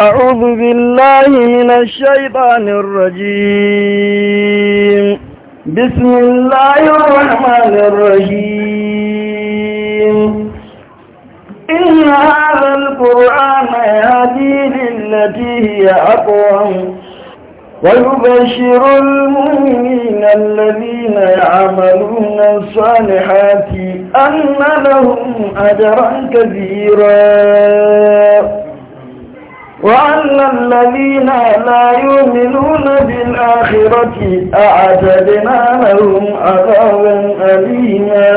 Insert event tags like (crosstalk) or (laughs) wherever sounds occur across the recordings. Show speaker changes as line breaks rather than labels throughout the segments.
أعوذ بالله من الشيطان الرجيم بسم الله الرحمن الرحيم إن هذا القرآن يهدي للتي هي أقوم ويبشر المؤمنين الذين يعملون الصالحات أن لهم أجرا كبيرا وأن الذين لا يؤمنون بالآخرة أعتدنا لهم عذابا أليما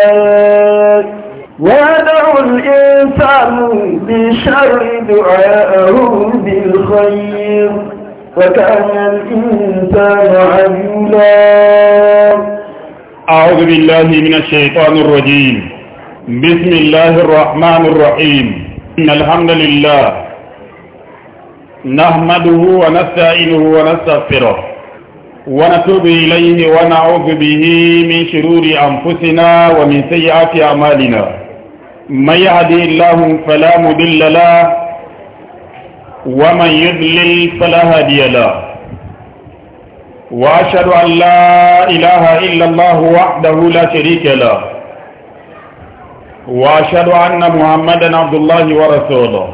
ويدعو الإنسان بشر دعاءه بالخير وكان الإنسان عجولا
أعوذ بالله من الشيطان الرجيم بسم الله الرحمن الرحيم إن الحمد لله نحمده ونستعينه ونستغفره ونتوب إليه ونعوذ به من شرور أنفسنا ومن سيئات أعمالنا من يهدي الله فلا مضل له ومن يضلل فلا هادي له وأشهد أن لا إله إلا الله وحده لا شريك له وأشهد أن محمدا عبد الله ورسوله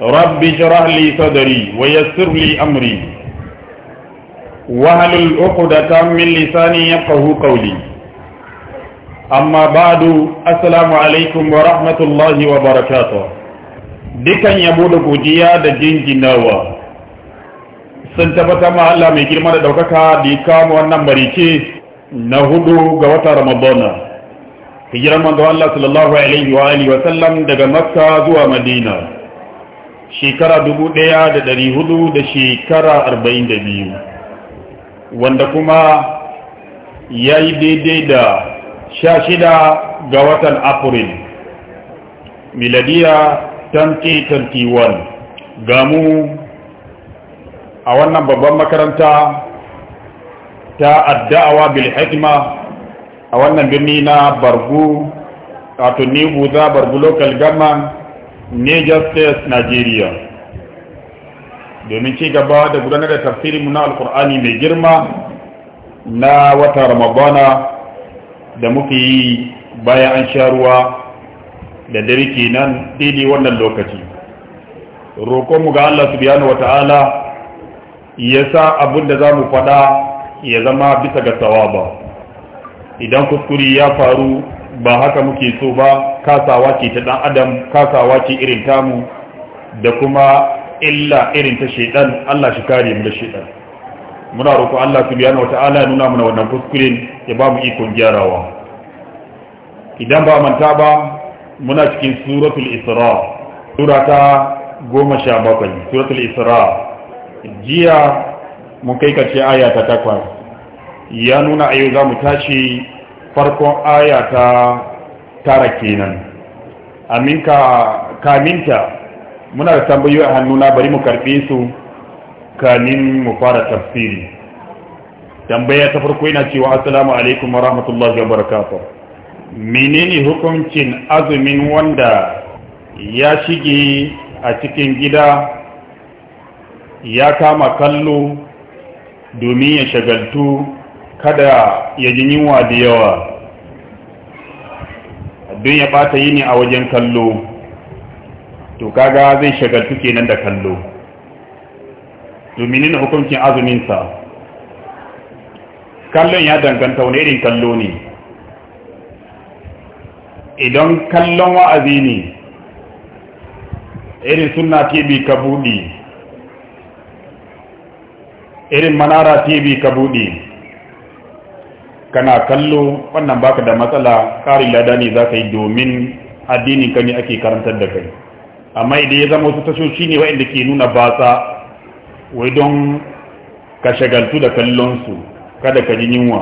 رب اشرح لي صدري ويسر لي أمري وهل العقدة من لساني يفقه قولي أما بعد السلام عليكم ورحمة الله وبركاته Dukkan yabo da godiya da jinginawa sun tabbata ma Allah mai girma da ɗaukaka da ya kama wannan barice na hudu ga wata ramadana hijiran manzo Allah sallallahu alaihi wa alihi wa sallam daga Makka zuwa Madina shekara dubu ɗaya da ɗari hudu da shekara arba'in da biyu wanda kuma ya yi daidai da sha shida ga watan april miladiya 2021 gamu a wannan babban makaranta ta adda'awa bil hikma a wannan birni na bargu a tunibu za bargu local government Niger State Nigeria domin ci gaba da gudanar da mu na alkur'ani mai girma na wata ramadana da muke yi bayan an sha ruwa da dare kenan daidai wannan lokaci mu ga Allah subhanahu wata'ala ya sa abin da za mu faɗa ya zama bisa ga ba idan kuskure ya faru ba haka muke so ba kasawa ke ta dan adam kasawa ke irin tamu da kuma illa irin ta shaitan Allah shi kare mu da shaitan muna roƙo Allah subhanahu wata'ala ya nuna mana wannan kuskuren ya ba mu ikon gyarawa idan ba manta ba muna cikin suratul isra sura ta goma sha bakwai suratul isra jiya mun kai kace aya ta takwas ya nuna ayo za mu tashi farkon aya ta tara kenan amin ka kaminta muna da tambayoyi a hannuna bari mu karɓe su kanin mu fara tafsiri tambaya ta farko yana cewa assalamu alaikum wa rahmatullahi wa barakatuh menene hukuncin azumin wanda ya shige a cikin gida ya kama kallo domin ya shagaltu kada ya ji yunwa da yawa don ya ɓata yini a wajen kallo to kaga zai shagaltu kenan da kallo domin hukuncin azuminsa kallon ya danganta wani irin kallo ne idan kallon wa'azi ne irin suna tv ka buɗe irin manara tv ka buɗe kana kallo wannan baka da matsala ƙarin lada ne za ka yi domin addinin ka ne ake karantar da kai amma idan ya zama wasu tashoshi ne waɗanda ke nuna batsa wai don ka shagaltu da kallonsu kada ka ji yunwa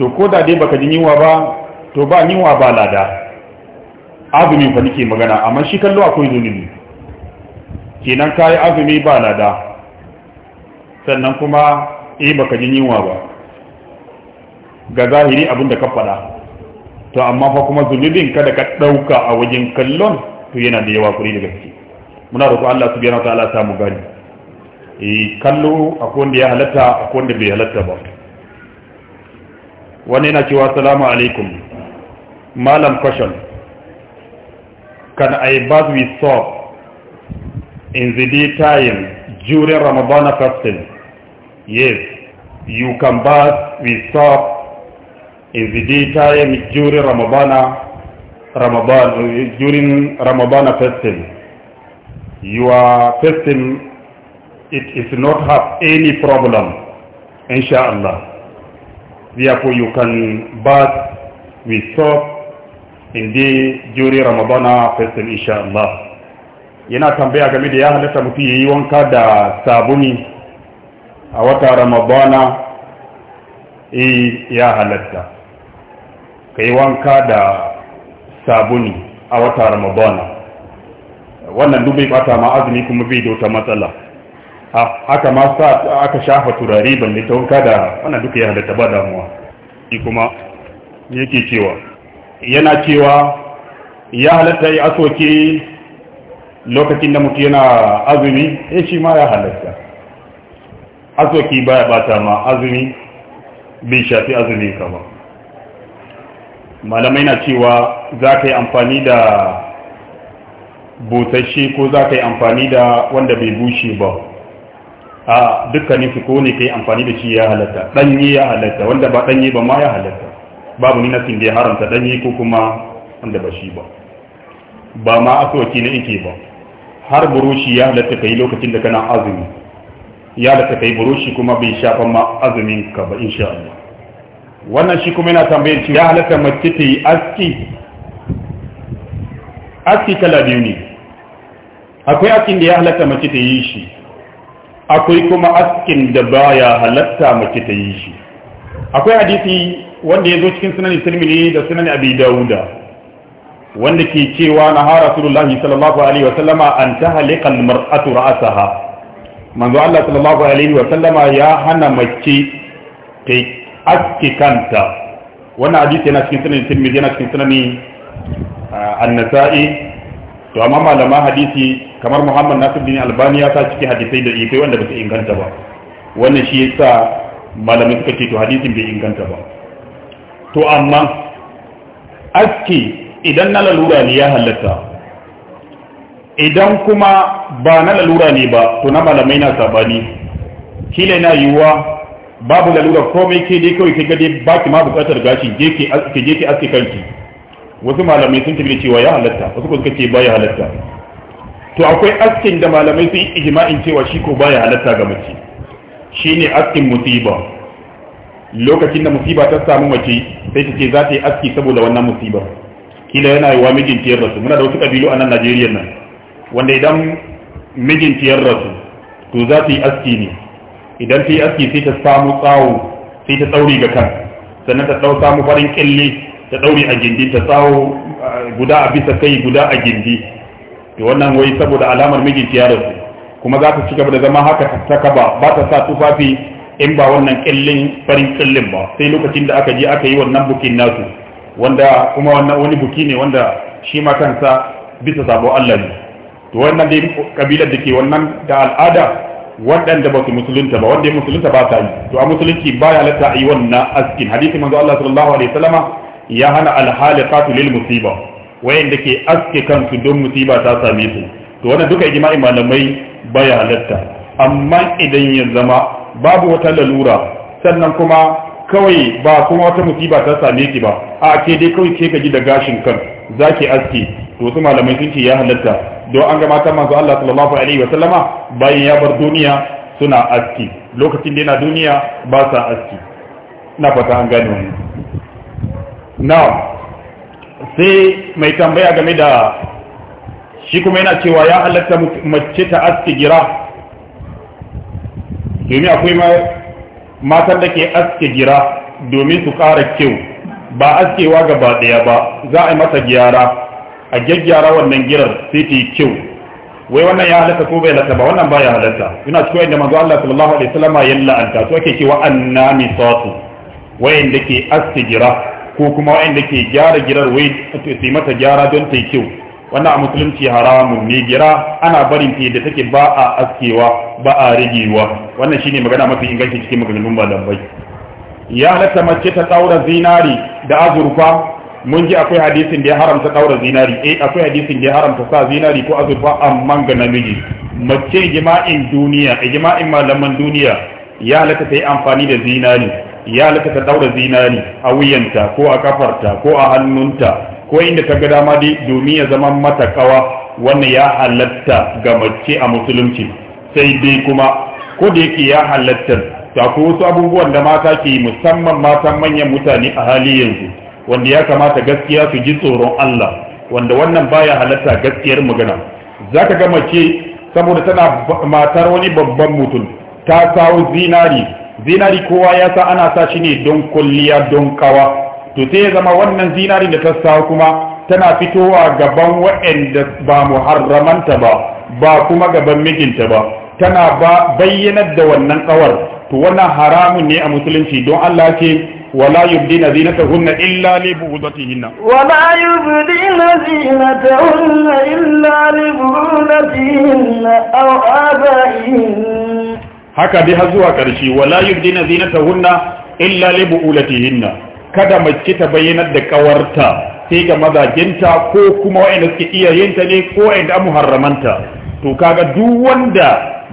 to ko da dai baka ji yunwa ba to ba yunwa ba lada azumin fa nake magana amma shi kallo akwai zunubi kenan yi azumi ba lada sannan kuma eh baka ji yunwa ba ga zahiri abin da ka faɗa to amma fa kuma zunubin kada ka ɗauka a wajen kallon to yana da yawa kuri da gaske muna roƙo Allah subhanahu wa ta'ala samu gani eh kallo akwai wanda ya halatta akwai wanda bai halatta ba wani yana cewa salamu alaikum malam question can i bath with soap in the daytime during ramadan fasting yes you can bath with soap everyday time during ramabana Ramadan, ramabana festin you Your festin it is not have any problem, inshallah. Therefore, you can bath with soap in indeed during ramabana fasting, inshallah. yana tambaya game da ya halatta mutum ya yi wanka da sabuni a wata ramadana eh, ya halatta ka yi wanka da sabuni a wata ramadana wannan dubai bata ma azumi kuma bai dauta matsala aka ma sa aka shafa turare ban da wanka da wannan duka ya halatta ba damuwa shi kuma yake cewa yana cewa ya halatta ya asoke lokacin da mutu yana azumi ya eh, shi ma ya halatta asoki baya bata ma azumi bai shafi azumin kama. ba malamai na cewa za ka yi amfani da busasshe ko za ka yi amfani da wanda bai bushe ba a dukkanin su ko ne ka yi amfani da shi ya halatta ɗanye ya halatta wanda ba ɗanye ba ma ya halatta babu ni nasin da ya haramta ɗanye ko kuma wanda ba shi ba ba ma asuwaki na ike ba har burushi ya halatta ka yi lokacin da kana azumi ya halatta ka yi burushi kuma bai shafa ma azumin ka ba insha Allah wannan shi kuma yana tambayar ce ya halatta mace ta yi aski aski kala biyu ne akwai askin da ya halatta mace ta yi shi akwai kuma askin da baya halatta mace ta yi shi akwai hadisi wanda ya zo cikin sunan tirmidhi da sunan abi dauda wanda ke cewa na ha rasulullah sallallahu alaihi wa sallama an tahliqa almar'atu ra'asaha manzo Allah sallallahu alaihi wa sallama ya hana mace kai. aske kanta wannan hadisi yana cikin sunan tirmidhi yana cikin sunan ah, an to amma malama hadisi kamar Muhammad bin Albani ya sa cikin hadisai da ifai wanda ba su inganta ba wannan shi yasa malamai suka ce to hadisin bai inganta ba to amma aski idan na lalura ne ya halatta idan kuma ba na lalura ne ba to na malamai na sabani kila na yiwuwa babu lalurar komai ke dai kawai ke gade baki ma bukatar gashi ke je ke aske kanki wasu malamai sun tafi da cewa ya halatta wasu kuma suka ce baya halatta to akwai askin da malamai sun yi ijma'in cewa shi ko baya halatta ga mace shine askin musiba lokacin da musiba ta samu mace sai ta ce za ta yi aski saboda wannan musiba kila yana yi wa mijin tiyar rasu muna da wasu kabilu a nan Najeriya nan wanda idan mijin tiyar rasu to za ta yi aski ne idan ta yi aski sai ta samu tsawo sai ta tsauri ga kan sannan ta ɗau samu farin kyalle ta tsauri a gindi ta tsawo guda a bisa kai guda a gindi to wannan wai saboda alamar mijinta ya rasu kuma za ta ci gaba da zama haka ta kaba ba Ba ta sa tufafi in ba wannan kyallin farin kyallin ba sai lokacin da aka je aka yi wannan bukin nasu wanda kuma wannan wani buki ne wanda shi ma kansa bisa sabo Allah ne to wannan dai kabilar da ke wannan da al'ada waɗanda ba su musulunta ba wanda ya musulunta ba ta yi to a musulunci ba ya halatta a yi wannan askin hadisi manzo Allah sallallahu alaihi wasallama ya hana alhaliqatu lil musiba wayanda ke aske kansu don musiba ta same su to wannan duka jima'i malamai ba ya halatta amma idan ya zama babu wata lalura sannan kuma kawai ba kuma wata musiba ta same ki ba a ke dai kawai ke gaji da gashin kan zaki aske to su malamai sun ce ya halatta don an ga matan manzo Allah sallallahu alaihi wa sallama bayan ya bar duniya suna aski lokacin da yana duniya ba sa aski na fata an gane wannan now sai mai tambaya game da shi kuma yana cewa ya halatta mace ta aski gira domin akwai matan da ke aske gira domin su ƙara kyau ba askewa gaba ɗaya ba za a yi masa gyara a gyaggyara wannan girar sai ta yi kyau wai wannan ya halatta ko bai halatta ba wannan baya halatta ina cikin da manzo Allah sallallahu alaihi wasallam ya la'anta to ake cewa annamisatu wayanda ke astigira ko kuma wayanda ke gyara girar wai sai mata gyara don ta yi kyau wannan a musulunci haramun ne gira ana barin ta da take ba a askewa ba a ragewa wannan shine magana mafi inganci cikin maganganun malamai ya halatta mace ta tsaura zinari da azurfa mun ji akwai hadisin da ya haramta daura zinari eh akwai hadisin da ya haramta sa zinari ko azurfa amman ga namiji mace jima'in duniya jima'in malaman duniya ya halatta ta yi amfani da zinari ya halatta ta daura zinari a wuyanta ko a kafarta ko a hannunta ko inda ta ga dama dai domin ya zama mata kawa wannan ya halatta ga mace a musulunci sai dai kuma ko da yake ya halatta ta ko wasu abubuwan da mata ke musamman matan manyan mutane a hali yanzu wanda ya kamata gaskiya su ji tsoron Allah wanda wannan baya halatta gaskiyar magana ka gama ce saboda tana matar wani babban mutum ta kawo zinari zinari kowa ya sa ana sa shi ne don kulliya don kawa to sai ya zama wannan zinari da ta sa kuma tana fitowa gaban waɗanda ba muharramanta ba ba kuma gaban mijinta ba tana ba bayyanar da wannan kawar to wannan haramun ne a musulunci don Allah ke. ولا يبدين زينتهن إلا لبعولتهن
ولا يبدين زينتهن إلا لبعولتهن أو آبائهن
haka dai har zuwa ƙarshe wala yubdina zinatahunna illa li bu'ulatihinna kada mace ta bayyana da kawarta sai ga mazajinta ko kuma wa'anda suke iyayenta ne ko wa'anda muharramanta to kaga duk wanda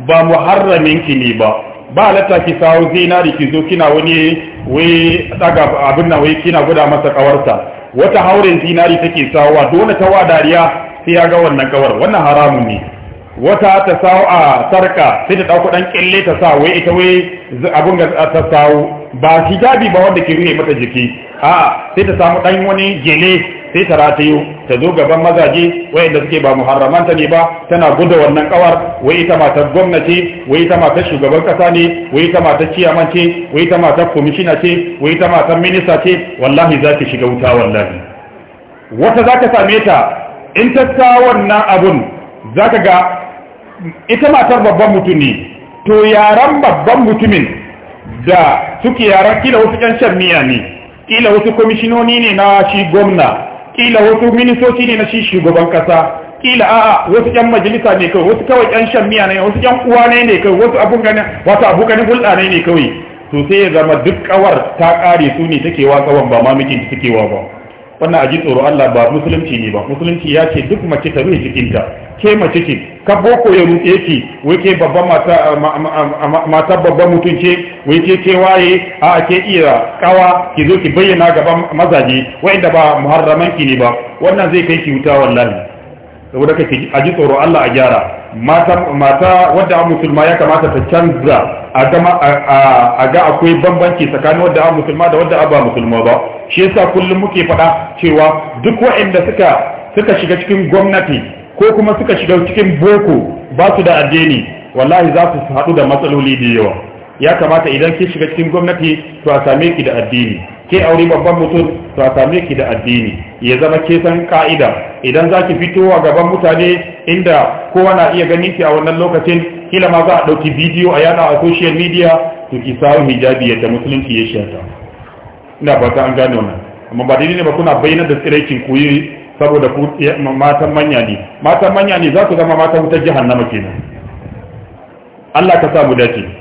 ba muharramin ki ne ba ba halatta ki sawo zinari ki zo kina wani wai daga abin nan wai kina guda masa kawarta wata hauren zinari take sawa dole ta wa dariya sai ya ga wannan kawar wannan haramun ne wata ta sawo a sarka sai ta dauko dan kille ta sa wai ita wai abin ga ta sawo ba hijabi ba wanda ke rufe mata jiki a sai ta samu dan wani gele sai ta ratayo ta zo gaban mazaje wayanda suke ba ta ne ba tana gudu wannan kawar wai ita matar gwamnati wai ita matar shugaban kasa ne wai ita matar ciyaman ce wai ita matar komishina ce wai ita matar minista ce wallahi za ta shiga wuta wallahi wata za ka same ta in ta sa wannan abun za ka ga ita matar babban mutum ne to yaran babban mutumin da suke yaran kila wasu 'yan shan miya ne kila wasu kwamishinoni ne na shi gwamna kila wasu ministoci ne na shi shugaban kasa kila a'a wasu ƴan majalisa ne kawai wasu kawai ƴan shan miya ne wasu ƴan uwa ne ne kawai wasu abun gani wasu gani hulɗa ne ne kawai to sai ya zama duk kawar ta ƙare su ne take wasa ban ba ma mijinta take wa ba wannan aji tsoro Allah ba musulunci ne ba musulunci ya ce duk mace ta rufe jikinta ke mace ce ka boko ya ruɗe ki wai ke babban mata mata babban mutum wai ke ke waye a ke iya kawa ki zo ki bayyana gaban mazaje wa'inda ba muharraman ki ne ba wannan zai kai ki wuta wallahi saboda kake a ji tsoro Allah a gyara mata mata wadda a musulma ya kamata ta canza a gama a ga akwai bambanci tsakanin wadda a musulma da wadda a ba musulma ba shi yasa kullum muke faɗa cewa duk waɗanda suka suka shiga cikin gwamnati ko kuma suka shiga cikin boko ba su da addini wallahi za su haɗu da matsaloli da yawa ya kamata idan ki shiga cikin gwamnati to a same ki da addini ke aure babban mutum to a same ki da addini ya zama ke san ka'ida idan za ki fito a gaban mutane inda kowa na iya gani ki a wannan lokacin kila ma za a ɗauki bidiyo a yana a social media to ki samu hijabi yadda musulunci ya shata ina ta an gane wannan amma ba daidai ne ba kuna bayyana da tsiraikin ku yi saboda ku matan manya ne matan manya ne za ku zama matan wutar jahannama kenan Allah ka samu dace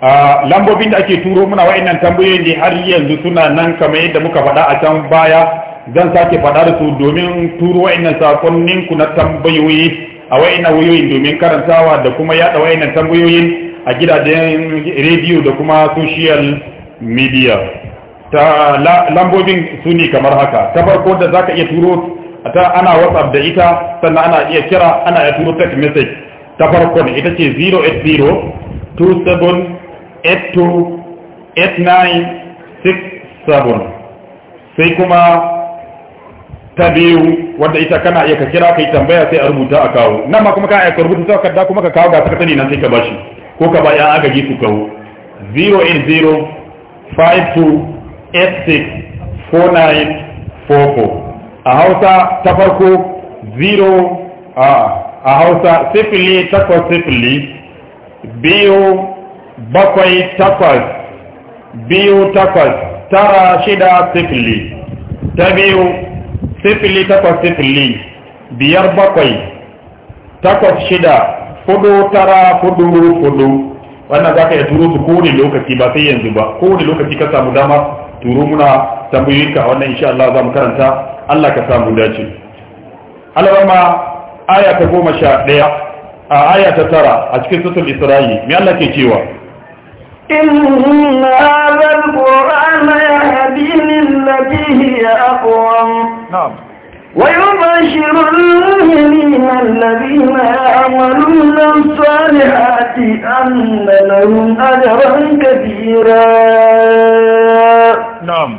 Ah, lambobin da ake turo muna wa'annan tambayoyin ne har yanzu suna nan kamar yadda muka faɗa a can baya zan sake faɗa da su domin turo wa'annan sakonnin ku na tambayoyi a wa'annan wayoyin domin karantawa da kuma yaɗa wa'annan tambayoyin a gidajen rediyo da kuma social media ta lambobin su ne kamar haka ta farko da zaka iya turo ta ana whatsapp da ita sannan ana iya kira ana iya turo text message ta farko ita ce 080 27 828967 sai kuma ta biyu wanda ita kana iya ka kira ka tambaya sai a rubuta a kawo nan ma kuma kana iya ka rubuta takarda kuma ka kawo ga saka sani nan sai ka bashi ko ka ba ya ji su kawo 08052864944 a hausa ta farko 0 a hausa sifili takwas sifili biyu bakwai takwas biyu takwas tara shida sifili ta biyu sifili takwas sifili biyar bakwai takwas shida hudu tara hudu hudu wannan za ka iya turo su kowane lokaci ba sai yanzu ba kowane lokaci ka samu dama turo muna tambayoyinka a wannan insha Allah za mu karanta Allah ka samu dace alama aya ta goma sha ɗaya a aya ta tara a cikin sutul isra'i me Allah ke cewa
إن هذا القرآن يهدي للتي هي أقوم نعم ويبشر المؤمنين الذين يعملون الصالحات أن لهم أجرا كثيرا
نعم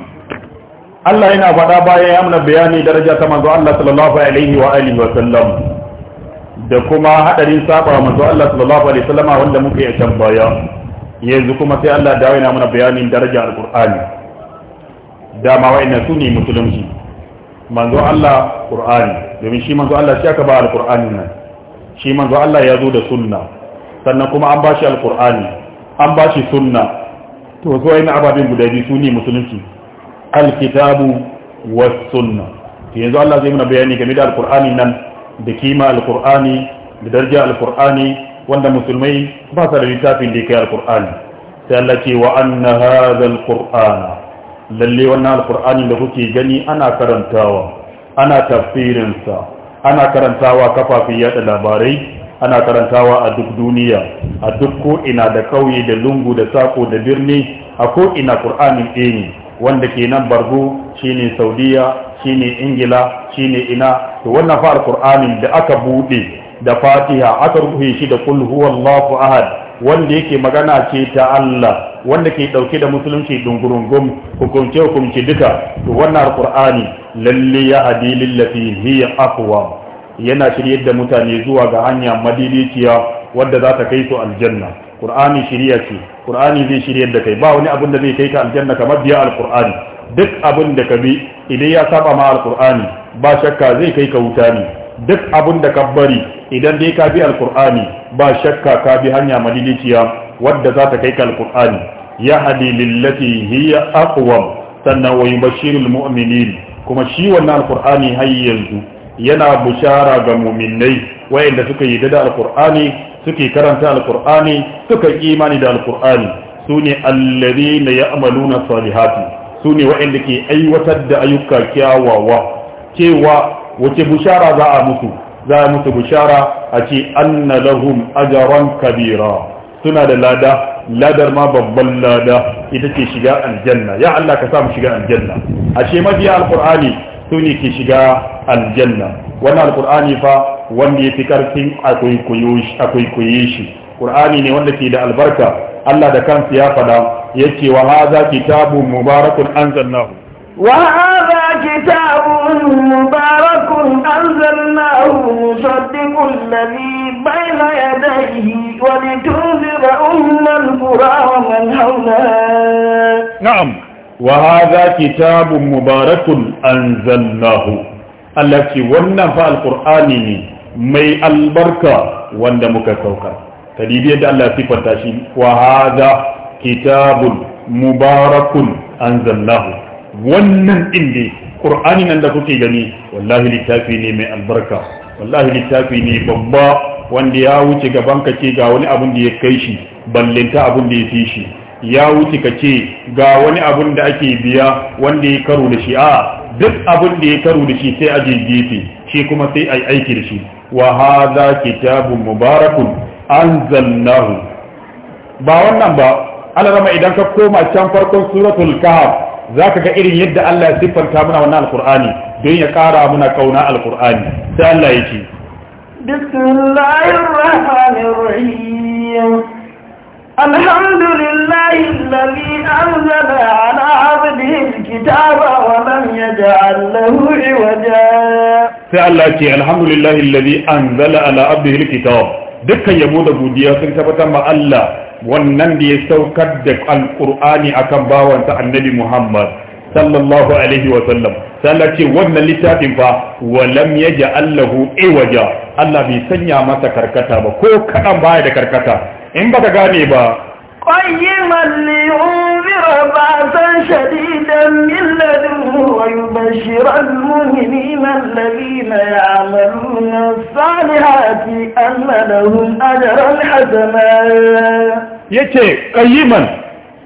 Allah yana faɗa bayan ya muna bayani daraja ta manzo Allah sallallahu alaihi wa alihi wa sallam da kuma hadarin saba manzo Allah sallallahu alaihi wa sallama wanda muke yi can baya yanzu kuma sai Allah dawo yana mana bayanin daraja alqur'ani dama wa'annan su ne musulunci manzo Allah ƙur'ani domin shi manzo Allah shi aka ba Alƙur'ani nan shi manzo Allah ya zo da sunna sannan kuma an ba shi Alƙur'ani an bashi sunna to zo yana ababin guda biyu su ne musulunci alkitabu wa sunna yanzu Allah zai mana bayani game da Alƙur'ani nan da kima Alƙur'ani da daraja Alƙur'ani. wanda musulmai ba sa da littafin da kai alkur'ani sai Allah ce wa anna hadha alqur'ana lalle wannan alkur'ani da kuke gani ana karantawa ana tafsirin sa ana karantawa kafafin yada labarai ana karantawa a duk duniya a duk ko ina da kauye da lungu da sako da birni a ko ina qur'anin wanda ke nan bargo shine saudiya shine ingila shine ina to wannan fa alqur'anin da aka bude da fatiha aka rufe shi da kul huwallahu ahad wanda yake magana ce ta Allah wanda ke dauke da musulunci dungurungum hukunce hukunci duka to wannan alqur'ani lalle ya adilil lati hiya aqwa yana shiryar da mutane zuwa ga hanya madidiciya wadda za ta kai su aljanna qur'ani shiriya ce qur'ani zai shiryar da kai ba wani abin da zai kai ka aljanna kamar biya alqur'ani duk abin da ka bi idan ya saba ma alqur'ani ba shakka zai kai ka wuta ne duk abin da ka bari idan dai ka bi alkur'ani ba shakka ka bi hanya madidiciya wadda za ta kai ka alkur'ani ya hadi lillati hiya aqwam sannan wa yubashirul mu'minin kuma shi wannan alkur'ani har yanzu yana bushara ga mu'minai wayanda suka yi da alkur'ani suke karanta alkur'ani suka imani da alkur'ani sune ne allari na ya salihati sune wayanda ke aiwatar da ayyuka kyawawa cewa wace bushara za a mutu za a mutu bushara a ce anna lahum ajran kabira suna da lada ladar ma babban lada ita ce shiga aljanna ya Allah ka sa mu shiga aljanna ashe alkur'ani su sune ke shiga aljanna wannan alkur'ani fa wanda yafi karfin a kwaikwaye shi ƙur'ani ne wanda ke da albarka Allah da kansa ya ya ce wa hadha kitabun mubarakun anzalnahu
wa hadha كتاب مبارك أنزلناه مصدق الذي بين يديه ولتنذر أم القرى ومن حولها
نعم وهذا كتاب مبارك أنزلناه التي ونفى القرآن مي البركة وندمك كوكب kadibiyar da Allah sifanta shi wa hadha kitabun mubarakun anzalnahu wannan din ne qur'ani nan da kuke gani wallahi littafi ne mai albarka wallahi littafi ne babba wanda ya wuce gaban ka ce ga wani abun da ya kai shi ballinta abun da ya fi shi ya wuce ka ce ga wani abun da ake biya wanda ya karo da shi a duk abun da ya karo da shi sai aje gefe shi kuma sai a yi aiki da shi wa hadha kitabun mubarakun anzalnahu ba wannan ba alarama idan ka koma can farkon suratul kahf zaka ga irin yadda Allah ya siffanta muna wannan alqur'ani don ya kara muna kauna alqur'ani sai Allah ya ce
bismillahir rahmanir rahim الحمد لله الذي أنزل على عبده الكتاب ولم يجعل له عوجا
فعلا الحمد لله الذي أنزل على عبده الكتاب dukkan yabo da godiya sun tabbatar ma Allah wannan da ya saukar da alƙur'ani akan bawansa annabi Muhammad sallallahu alaihi wa sallam sallah ce wannan littafin fa wa lam yaj'al lahu iwaja Allah bai sanya masa karkata ba ko kadan baya da karkata in baka gane ba
qayyiman li بأسا شديدا من لدنه ويبشر المؤمنين الذين يعملون الصالحات أن لهم أجرا حسنا
yace qayyiman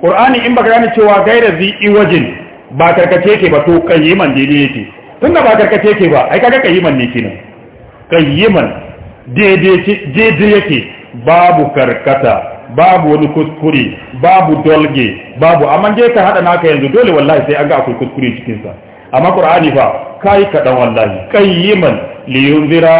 qur'ani in baka gane cewa gaira zi iwajin ba karkace yake ba to qayyiman daidai yake tunda ba karkace yake ba ai kaga qayyiman ne kenan qayyiman daidai daidai yake babu karkata babu wani kuskure babu dolge babu amma je ka hada naka yanzu dole wallahi sai an ga akwai kuskure cikin sa amma qur'ani fa kai ka dan wallahi qayyiman li yunzira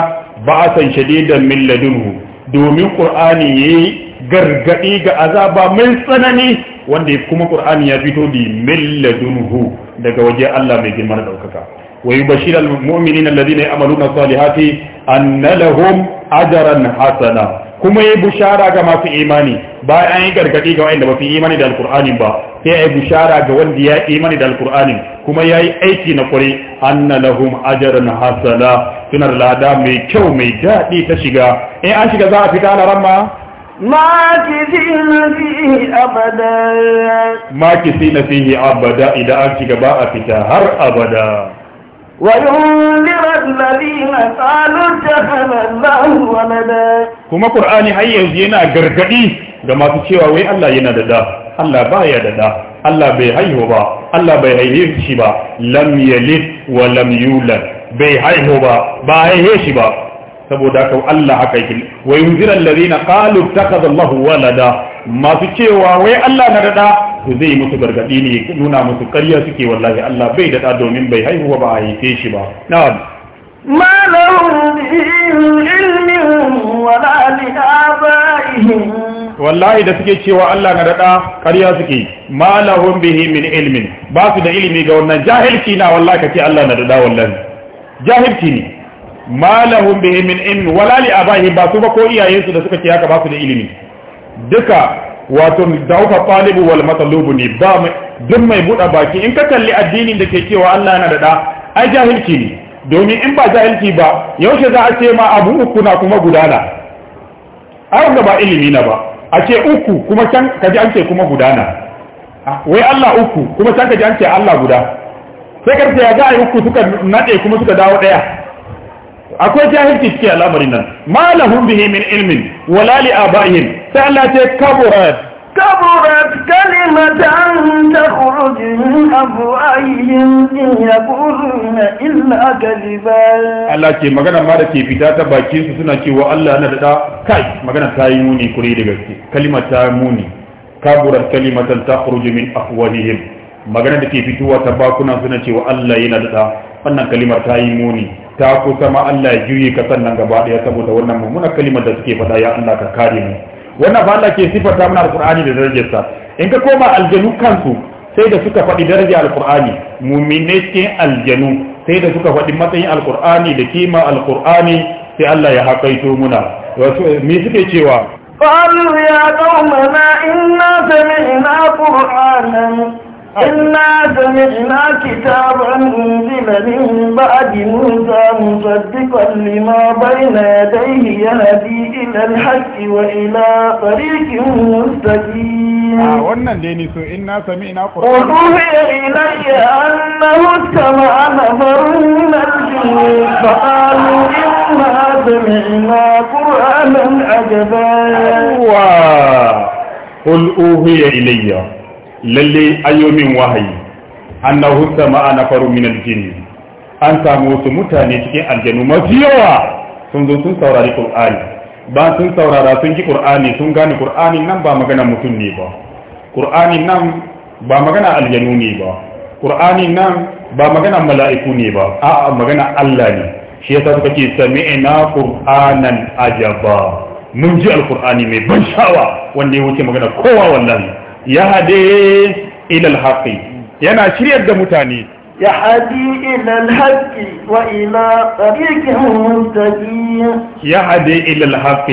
ba'san shadidan min ladunhu domin qur'ani yayi gargadi ga azaba mai tsanani wanda kuma qur'ani ya fito di min ladunhu daga waje Allah mai girma da daukaka wai yubashirul mu'minina alladhina ya'maluna salihati anna lahum ajran hasana kuma yi bushara ga masu imani ba an yi gargadi ga wanda ba fi imani da alkur'ani ba sai ya yi bushara ga wanda ya imani da alkur'ani kuma ya yi aiki na kwarai na lahum ajran hasala tunar lada mai kyau mai daɗi ta shiga in an shiga za a fita na ramma
na fi abada
na fi abada idan an shiga ba a fita har abada
وينذر الذين قالوا اتخذ الله ولدا
كما قراني har yanzu yana gargadi ga masu cewa wai Allah yana da dada. Allah baya da Allah bai haihu ba Allah bai haihe shi ba lam yalid wa lam yulad bai haihu ba ba shi ba saboda haka Allah haka yake wa yunzir alladhina qalu ittakhadha Allah walada masu cewa wai Allah na dada. to zai musu gargaɗi ne nuna musu ƙarya suke wallahi Allah bai daɗa domin bai haihuwa ba a haife shi ba na'am
ma lahum ilmin wala li
wallahi da suke cewa Allah na daɗa ƙarya suke ma lahum bihi min ilmin ba su da ilimi ga wannan jahilci na wallahi kace Allah na daɗa wallahi jahilci ne ma lahum bihi min ilmin wala li abaihim ba su ba ko iyayensu da suka ce haka ba su da ilimi duka wato dauka talibu wal matsalubu ne ba mai duk mai buɗa baki in ka kalli addinin da ke cewa Allah yana da ɗa ai jahilci ne domin in ba jahilci ba yaushe za a ce ma abu uku na kuma gudana har da ba ilimi na ba a ce uku kuma can kaji an ce kuma gudana wai Allah uku kuma can kaji an ce Allah guda sai karfe ya ga uku suka nade kuma suka dawo ɗaya akwai jahilci cikin al'amarin nan malahun bihi min ilmin walali a bayin sa'ala ce kaburat kaburat kalimatan
ta kurujin abu ayyin iya kuruna illa kalibar
Allah ce magana ma da ke fita ta bakin su suna cewa Allah na da kai magana ta yi muni kuri da gaske kalima ta muni kaburat kalimatan ta kurujin min afuwahihim magana da ke fitowa ta bakuna suna cewa Allah yana da wannan kalimar ta yi muni ta kusa ma Allah ya juye ka nan gaba ɗaya saboda wannan mummunar kalimar da suke faɗa ya Allah ka kare mu wannan ba Allah ke sifata mana alqur'ani da darajarsa in ka koma aljanu kansu sai da suka faɗi daraja alqur'ani mu'minai ke aljanu sai da suka faɗi matsayin alqur'ani da kima alqur'ani sai Allah ya haƙaito muna me suke cewa
قالوا يا قومنا إنا سمعنا قرآنا إنا سمعنا كتابا أنزل من بعد موسى مصدقا لما بين يديه يهدي إلى الحق وإلى طريق مستقيم. آه
ونن ديني سو إنا
سمعنا قرآن. وأوحي إلي أنه استمع نفر من الجنود فقالوا إنا سمعنا قرآنا
عجبا. آه، قل أوحي إلي lalle ayomin wahayi annahu sama'a faru min aljin an samu wasu mutane cikin aljanu mafi yawa sun zo sun saurari qur'ani ba sun saurara sun ji qur'ani sun gane qur'anin nan ba magana mutum ne ba qur'anin nan ba magana aljanu ne ba qur'anin nan ba magana mala'iku ne ba a'a magana Allah ne shi yasa suka ce sami'na qur'anan ajaba mun ji alqur'ani mai ban sha'awa wanda ya wuce magana kowa wallahi yahdi ila al-haqqi yana shiryar da mutane
يهدي إلى الحق وإلى طريق مستقيم
يهدي إلى الحق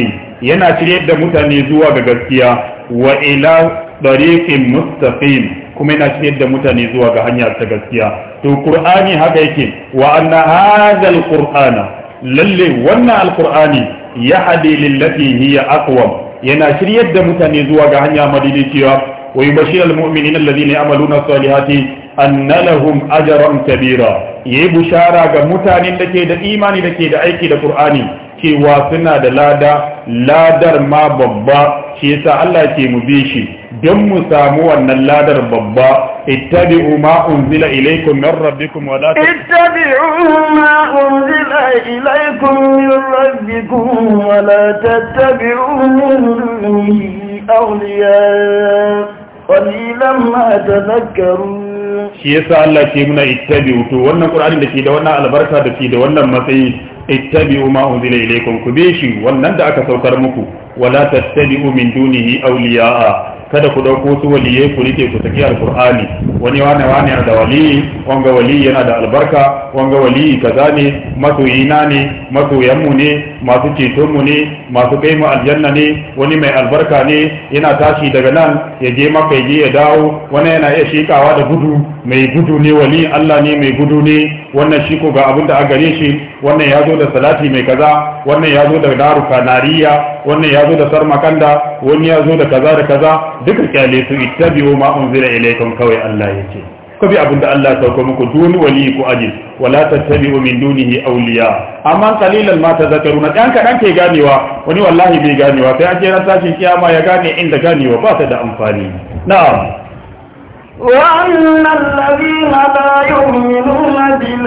yana shiryar da mutane zuwa ga gaskiya wa ila tariqin mustaqim kuma yana shiryar da mutane zuwa ga hanya ta gaskiya to qur'ani haka yake wa anna hadha alqur'ana lalle wannan alqur'ani yahdi lillati hiya aqwam yana shiryar da mutane zuwa ga hanya madidiciya ويبشر المؤمنين الذين يعملون الصالحات أن لهم أجرا كبيرا يبشارا متان لكي دا إيمان لكي دا أيكي دا قرآني كي واسنا دا لادا لادر ما ببا كي يسا الله كي مبيشي دم سامو أن اللادر ببا اتبعوا ما أنزل إليكم من ربكم ولا
اتبعوا ما أنزل إليكم من ربكم ولا تتبعوا أولياء qalilan ma tadhakkarun
shi yasa Allah ke muna ittabi'u to wannan Qur'anin da da wannan albarka da ke da wannan matsayi ittabi'u ma unzila ilaykum ku bi shi wannan da aka saukar muku wala tattabi'u min dunihi awliya'a kada ku dauko su waliyai ku rike ku saki alqur'ani wani wani wani da waliyi wanga wali yana da albarka wanga wali kaza ne masoyina ne masoyanmu ne masu cetonmu ne masu kai mu aljanna ne wani mai albarka ne yana tashi daga nan ya je maka ya je ya dawo wani yana iya shekawa da gudu mai gudu ne wali Allah ne mai gudu ne wannan shi ko ga abin da a gare shi wannan ya zo da salati mai kaza wannan ya zo da daru kanariya wannan ya zo da sarmakanda wani ya zo da kaza da kaza duka kyale su ittabi'u ma unzila ilaykum kawai Allah yake ku bi da Allah ya muku duni wali ku aji wala tattabi'u min dunihi awliya amma qalilan ma tadhakkaruna dan kadan ke ganewa wani wallahi bai ganewa sai an kira ran tashin kiyama ya gane inda ganewa ba ta da amfani na'am
وأن الذين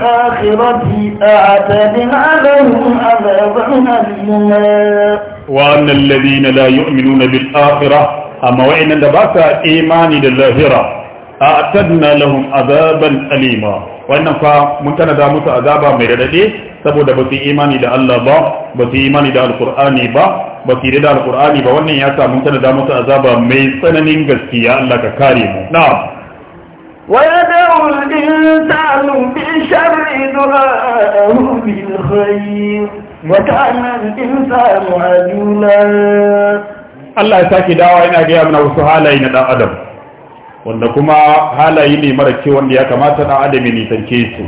لا يؤمنون بالآخرة أعتدنا لهم عذابا أليما
وأن الذين لا يؤمنون بالآخرة أما وإن بات إيمان للآخرة a lahum azaban alima wannan fa mun tanada musu azaba mai radade saboda ba su imani da Allah ba ba su imani da alqur'ani ba ba su da alqur'ani ba wannan ya sa mun tanada musu azaba mai tsananin gaskiya Allah ka kare mu na'am
ويدعو الإنسان بالشر دعاءه بالخير وكان الإنسان عجولا
الله يساكي دعوة إن أجيب نوسها لين دا أدب wanda kuma halaye ne mara kyau wanda ya kamata da adami ne tarke su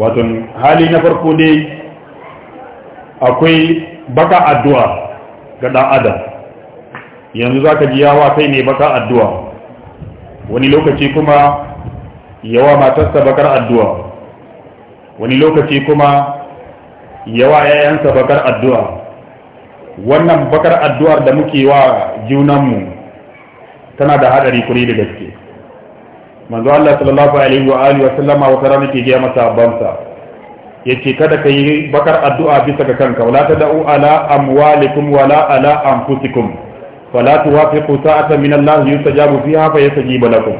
wato hali na farko dai akwai baka addu'a ga dan adam yanzu zaka ji yawa kai ne baka addu'a wani lokaci kuma yawa matarsa bakar addu'a wani lokaci kuma yawa 'ya'yansa bakar addu'a wannan bakar addu'ar da muke wa junanmu tana da hadari kuri da gaske manzo Allah sallallahu alaihi wa alihi wa sallama Wa rana ke gaya masa bansa yace kada ka yi bakar addu'a bisa ga kanka wala tad'u ala amwalikum wala ala anfusikum wala tuwafiqu sa'atan min Allah yustajabu fiha fa yastajibu lakum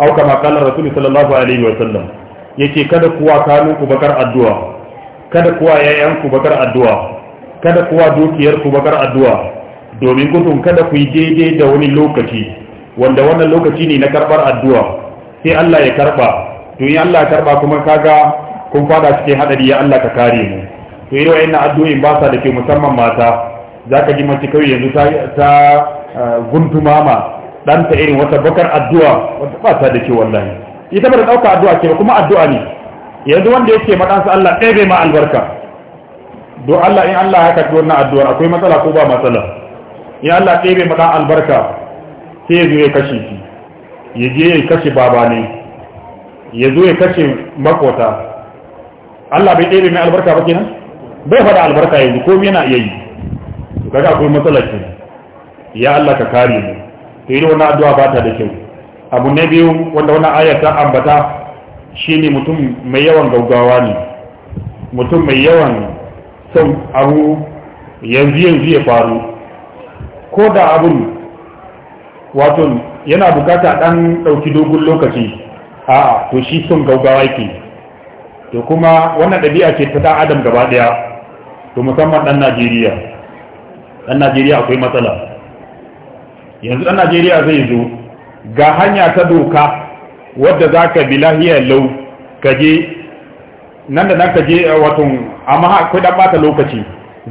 aw kama qala rasul sallallahu alaihi wa sallam yace kada kuwa kanu ku bakar addu'a kada kuwa yayan ku bakar addu'a kada kuwa dukiyar ku bakar addu'a domin gudun kada ku yi daidai da wani lokaci wanda wannan lokaci ne na karbar addu'a sai Allah ya karba to in Allah ya karba kuma kaga kun fada cikin hadari ya Allah ka kare mu to irin wayannan addu'o'in ba sa da ke musamman mata zaka ji mace kawai yanzu ta ta guntuma ma dan ta irin wata bakar addu'a wanda ba ta da ke wallahi ita ba da dauka addu'a ce kuma addu'a ne yanzu wanda yake madansa Allah ɗebe ma albarka do Allah in Allah ya karbi wannan addu'a akwai matsala ko ba matsala in Allah ɗebe maka albarka sai ya zo ya kashe shi ya je ya kashe baba ne ya zo ya kashe makota Allah bai ɗebe mai albarka ba kenan bai faɗa albarka yanzu ko yana iya yi Ka ga akwai matsala ce ya Allah ka kare mu to yi wannan addu'a ba ta da kyau abu na biyu wanda wannan aya ta ambata shine mutum mai yawan gaugawa ne mutum mai yawan son abu yanzu yanzu ya faru ko da abun wato yana bukata dan dauki dogon lokaci a to shi son gaugawa yake to kuma wannan dabi'a ce ta da adam gaba daya to musamman dan Najeriya dan Najeriya akwai matsala yanzu dan Najeriya zai zo ga hanya ta doka wadda zaka bilahiya lau kaje nan da nan kaje wato amma akwai dan bata lokaci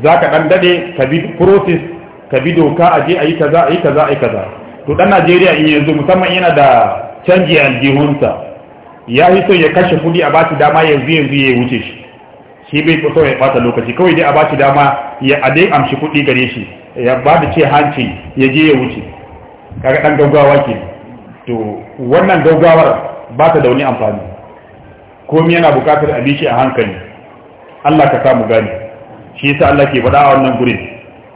zaka dan dade ka bi process ka bi doka aje ayi kaza ayi kaza ayi kaza to dan Najeriya in yanzu musamman yana da canji aljihunsa ya yi so ya kashe kudi a bashi dama yanzu yanzu ya wuce shi shi bai so ya bata lokaci kawai dai a bashi dama ya adai amshi kudi gare shi ya ba da ce hanci ya je ya wuce kaga dan gaugawa ke to wannan gaugawar ba ta da wani amfani komai yana bukatar a bishi a hankali Allah ka samu gani shi yasa Allah ke faɗa a wannan gurin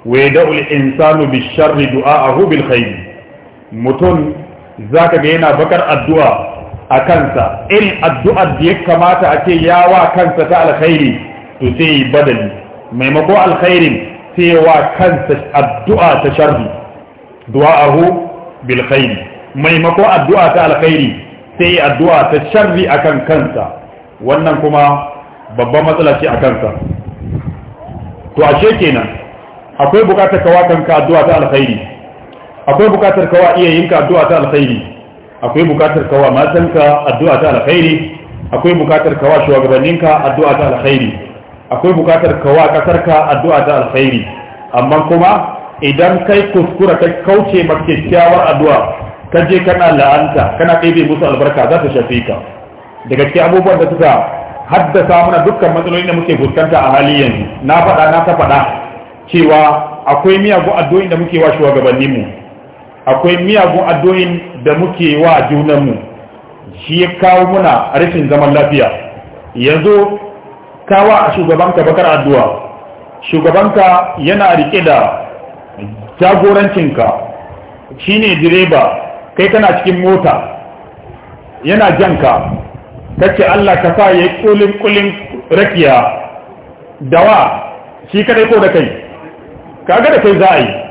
wa yad'u al-insanu bi-sharri du'a'ahu bil-khair mutum za ka ga yana bakar addu'a a kansa irin addu'ar da ya kamata a ce ya wa kansa ta alkhairi to sai yi badali maimako alkhairin sai ya wa kansa addu'a ta sharri du'a'ahu bil khairi maimako addu'a ta alkhairi sai yi addu'a ta sharri akan kansa wannan kuma babban matsala ce a kansa to ashe kenan akwai bukatar kawa kanka addu'a ta alkhairi akwai bukatar kawa iya yinka addu'a ta alkhairi akwai bukatar kawa matanka addu'a ta alkhairi akwai bukatar kawa shugabanninka addu'a ta alkhairi akwai bukatar kawa kasarka addu'a ta alkhairi amma kuma idan kai kuskura ta kauce makkyakkyawar addu'a ka je kana la'anta kana ɗebe musu albarka za ta shafe ka daga cikin abubuwan da suka haddasa mana dukkan matsalolin da muke fuskanta a hali yanzu na faɗa na ta faɗa cewa akwai miyagun addu'o'in da muke wa shugabanninmu akwai miyagun addu'o'in da muke wa junanmu shi ya kawo muna rashin zaman lafiya yanzu kawa a shugabanka bakar addu'a shugabanka yana rike da jagorancinka shine direba kai kana cikin mota yana janka kace Allah ka sa yayi kulin kulin rakiya dawa shi kadai ko da kai ga da kai za yi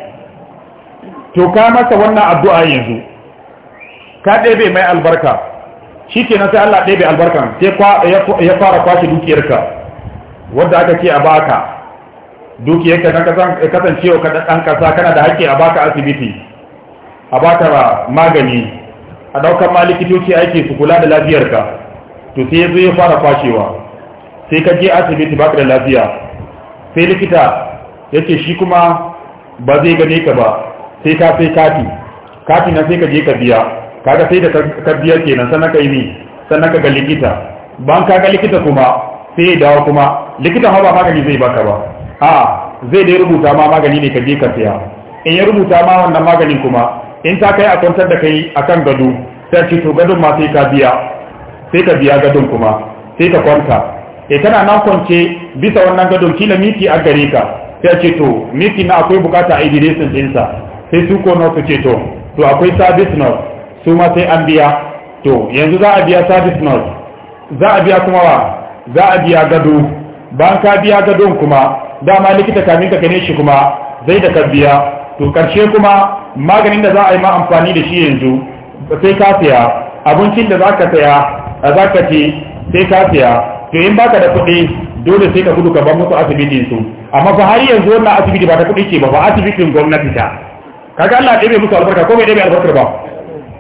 to ka masa wannan addu'a yanzu ka ɗebe mai albarka shi ke sai Allah ɗebe albarkan sai ya fara kwashe dukiyarka wadda aka ce a baka dukiyarka na kasancewa ka ɗan ƙasa kana da haƙƙi a baka asibiti a baka magani a ɗaukar ma likitoci aiki su kula da lafiyarka to sai ya ya fara kwashewa sai ka je asibiti baka da lafiya sai likita yake shi kuma ba zai gane ka ba sai ka sai kati kati na sai ka je ka biya kaga sai da ka biya kenan sannan ka yi ni sannan ka ga likita ban ka ga likita kuma sai ya dawo kuma likita ma ba magani zai baka ba a zai dai rubuta ma magani ne ka je ka siya in ya rubuta ma wannan maganin kuma in ta kai a kwantar da kai akan gado sai ce to gadon ma sai ka biya sai ka biya gadon kuma sai ka kwanta e tana nan kwance bisa wannan gadon kila miki a gare ka sai ce to miki na akwai bukata a idiresin dinsa sai su kono su ce to to akwai service note su ma sai an biya to yanzu za a biya service note za a biya kuma wa za a biya gado ba ka biya gadon kuma dama likita kamin ka ne shi kuma zai da ka biya to karshe kuma maganin da za a yi ma amfani da shi yanzu sai ka siya abincin da za ka saya a za ka ci sai ka siya to in baka da kuɗi dole sai ka gudu ka bar musu asibitin su amma fa har yanzu wannan asibiti ba ta kuɗi ce ba ba asibitin gwamnati ta kaga Allah ɗebe musu albarka ko bai ɗebe albarkar ba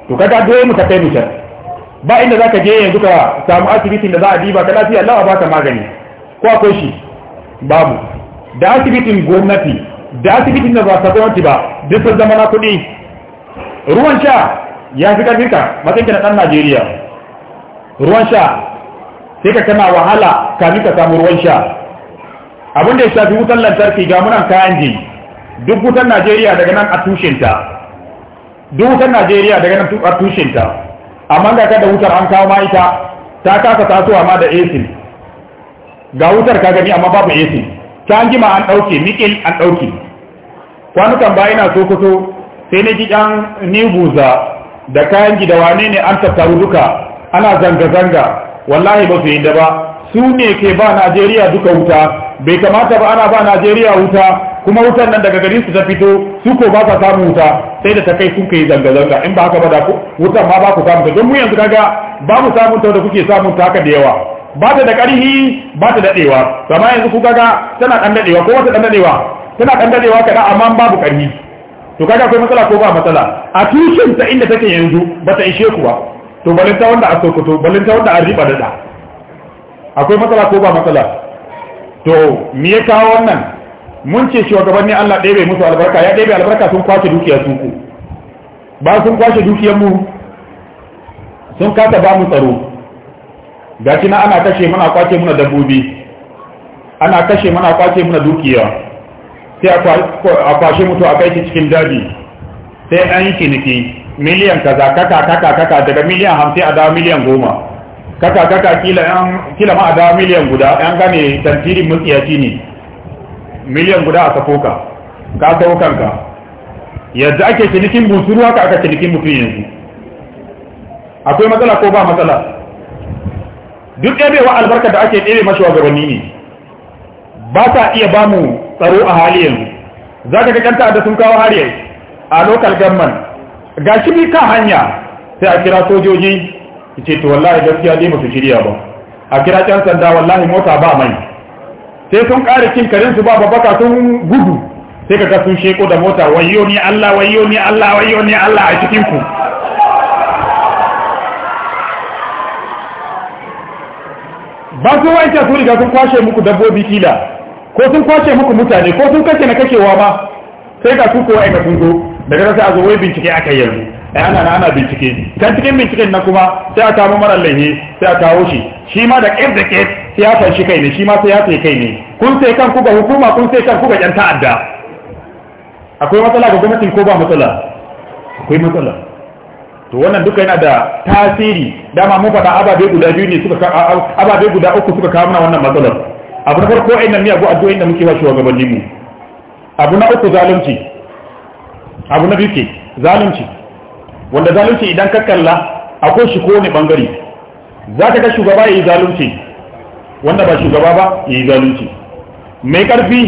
to kaga dole mu ka kai ba inda zaka je yanzu ka samu asibitin da za a diba ka lafiya Allah ba baka magani ko akwai shi babu da asibitin gwamnati da asibitin da ba ta gwamnati ba duk sun zama na kuɗi ruwan sha ya fi karfin ka matsayin ka na ɗan Najeriya ruwan sha sai ka kana wahala kafin ka samu ruwan sha abin da ya shafi wutan lantarki ga munan kayan jini duk wutan najeriya daga nan a tushenta duk wutan najeriya daga nan a tushenta amma ga kada wutar an kawo ma ta kasa tasowa ma da ac ga wutar ka gani amma babu ac ta an jima an ɗauke mikil an ɗauke kwanukan ba ina sokoto sai na ji ɗan nibuza da kayan gida wane ne an tattaru duka ana zanga-zanga wallahi ba su yi da ba su ne ke ba najeriya duka wuta bai kamata ba ana ba najeriya wuta kuma wutar nan daga garin su ta fito su ko ba ka samu wuta sai da ta kai kun kai zanga-zanga in ba haka ba da ku wutar ma ba ku samu ta don mu yanzu kaga ba mu samu ta da kuke samun ta haka da yawa ba ta da karhi ba ta daɗewa amma yanzu ku kaga tana ɗan daɗewa ko wata ɗan daɗewa tana ɗan daɗewa kada amma babu karhi to kaga akwai matsala ko ba matsala a tushen ta inda take yanzu ba ta ishe ku ba. to balinta wanda a sokoto balinta wanda a riba da akwai matsala ko ba matsala to me ya kawo wannan mun ce shugabanni Allah ɗebe musu albarka ya ɗebe albarka sun kwashe dukiyar su ku ba sun kwashe dukiyar mu sun kasa ba mu tsaro ga na ana kashe muna kwace muna dabbobi ana kashe muna kwace muna dukiya sai a kwashe mutu a kai cikin daji sai an yi ciniki miliyan kaza kaka kaka kaka daga miliyan hamsin a dawa miliyan goma kaka kaka kila ma a dawa miliyan guda an gane tantirin mutsiyaci ne miliyan guda a kafoka ka ka sau kanka yadda ake cinikin ruwa ka aka cinikin mutum yanzu akwai matsala ko ba matsala duk ɗabewa albarka da ake ɗebe mashi gabanni ne ba ta iya ba mu tsaro a hali yanzu za ka kakanta da sun kawo hari a lokal government ga shi ka hanya sai a kira sojoji ce to wallahi gaskiya dai ba su shirya ba a kira 'yan sanda wallahi mota ba mai sai sun ƙara cin karin ba babbaka sun gudu sai ka sun sheko da mota wayyo ni Allah wayyo ni Allah wayyo ni Allah a cikin ku ba su wanke su riga sun kwashe muku dabbobi kila ko sun kwashe muku mutane ko sun kashe na kakewa ba sai ga su ko aika sun zo daga sai a zo wai bincike aka yanzu ai ana ana bincike kan cikin binciken na kuma sai a kawo mara laifi sai a kawo shi shi ma da ƙef da sai ya fanshi kai ne shi ma sai ya sai kai ne kun sai kan kuga hukuma kun sai kan kuga yan ta'adda akwai matsala ga gwamnatin ko ba matsala akwai matsala to wannan duka yana da tasiri dama mun faɗa ababe guda biyu ne suka ababe guda uku suka kawo mana wannan matsalar abu na farko ina miya go addu'a da muke ba shugabannin mu abu na uku zalunci abu na biyu ke zalunci wanda zalunci idan ka kalla akwai shi kowane bangare za ka ga shugaba ya yi zalunci wanda ba shugaba ba ya yi zalunci mai karfi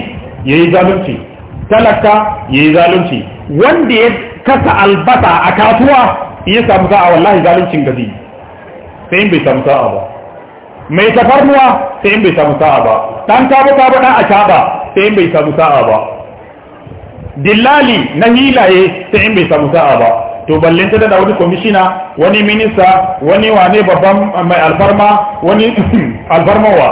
ya yi zalunci talaka ya yi zalunci wanda ya kasa albasa a kasuwa iya samu sa'a wallahi zaluncin gazi sai in bai samu sa'a ba mai tafarnuwa sai in bai samu sa'a ba Ɗan tabo tabo a caɓa sai in bai samu sa'a ba dillali na hilaye sai in bai samu sa'a ba to ballin ta da wani komishina wani minista wani wane babban uh, mai alfarma wani (clears throat) alfarmawa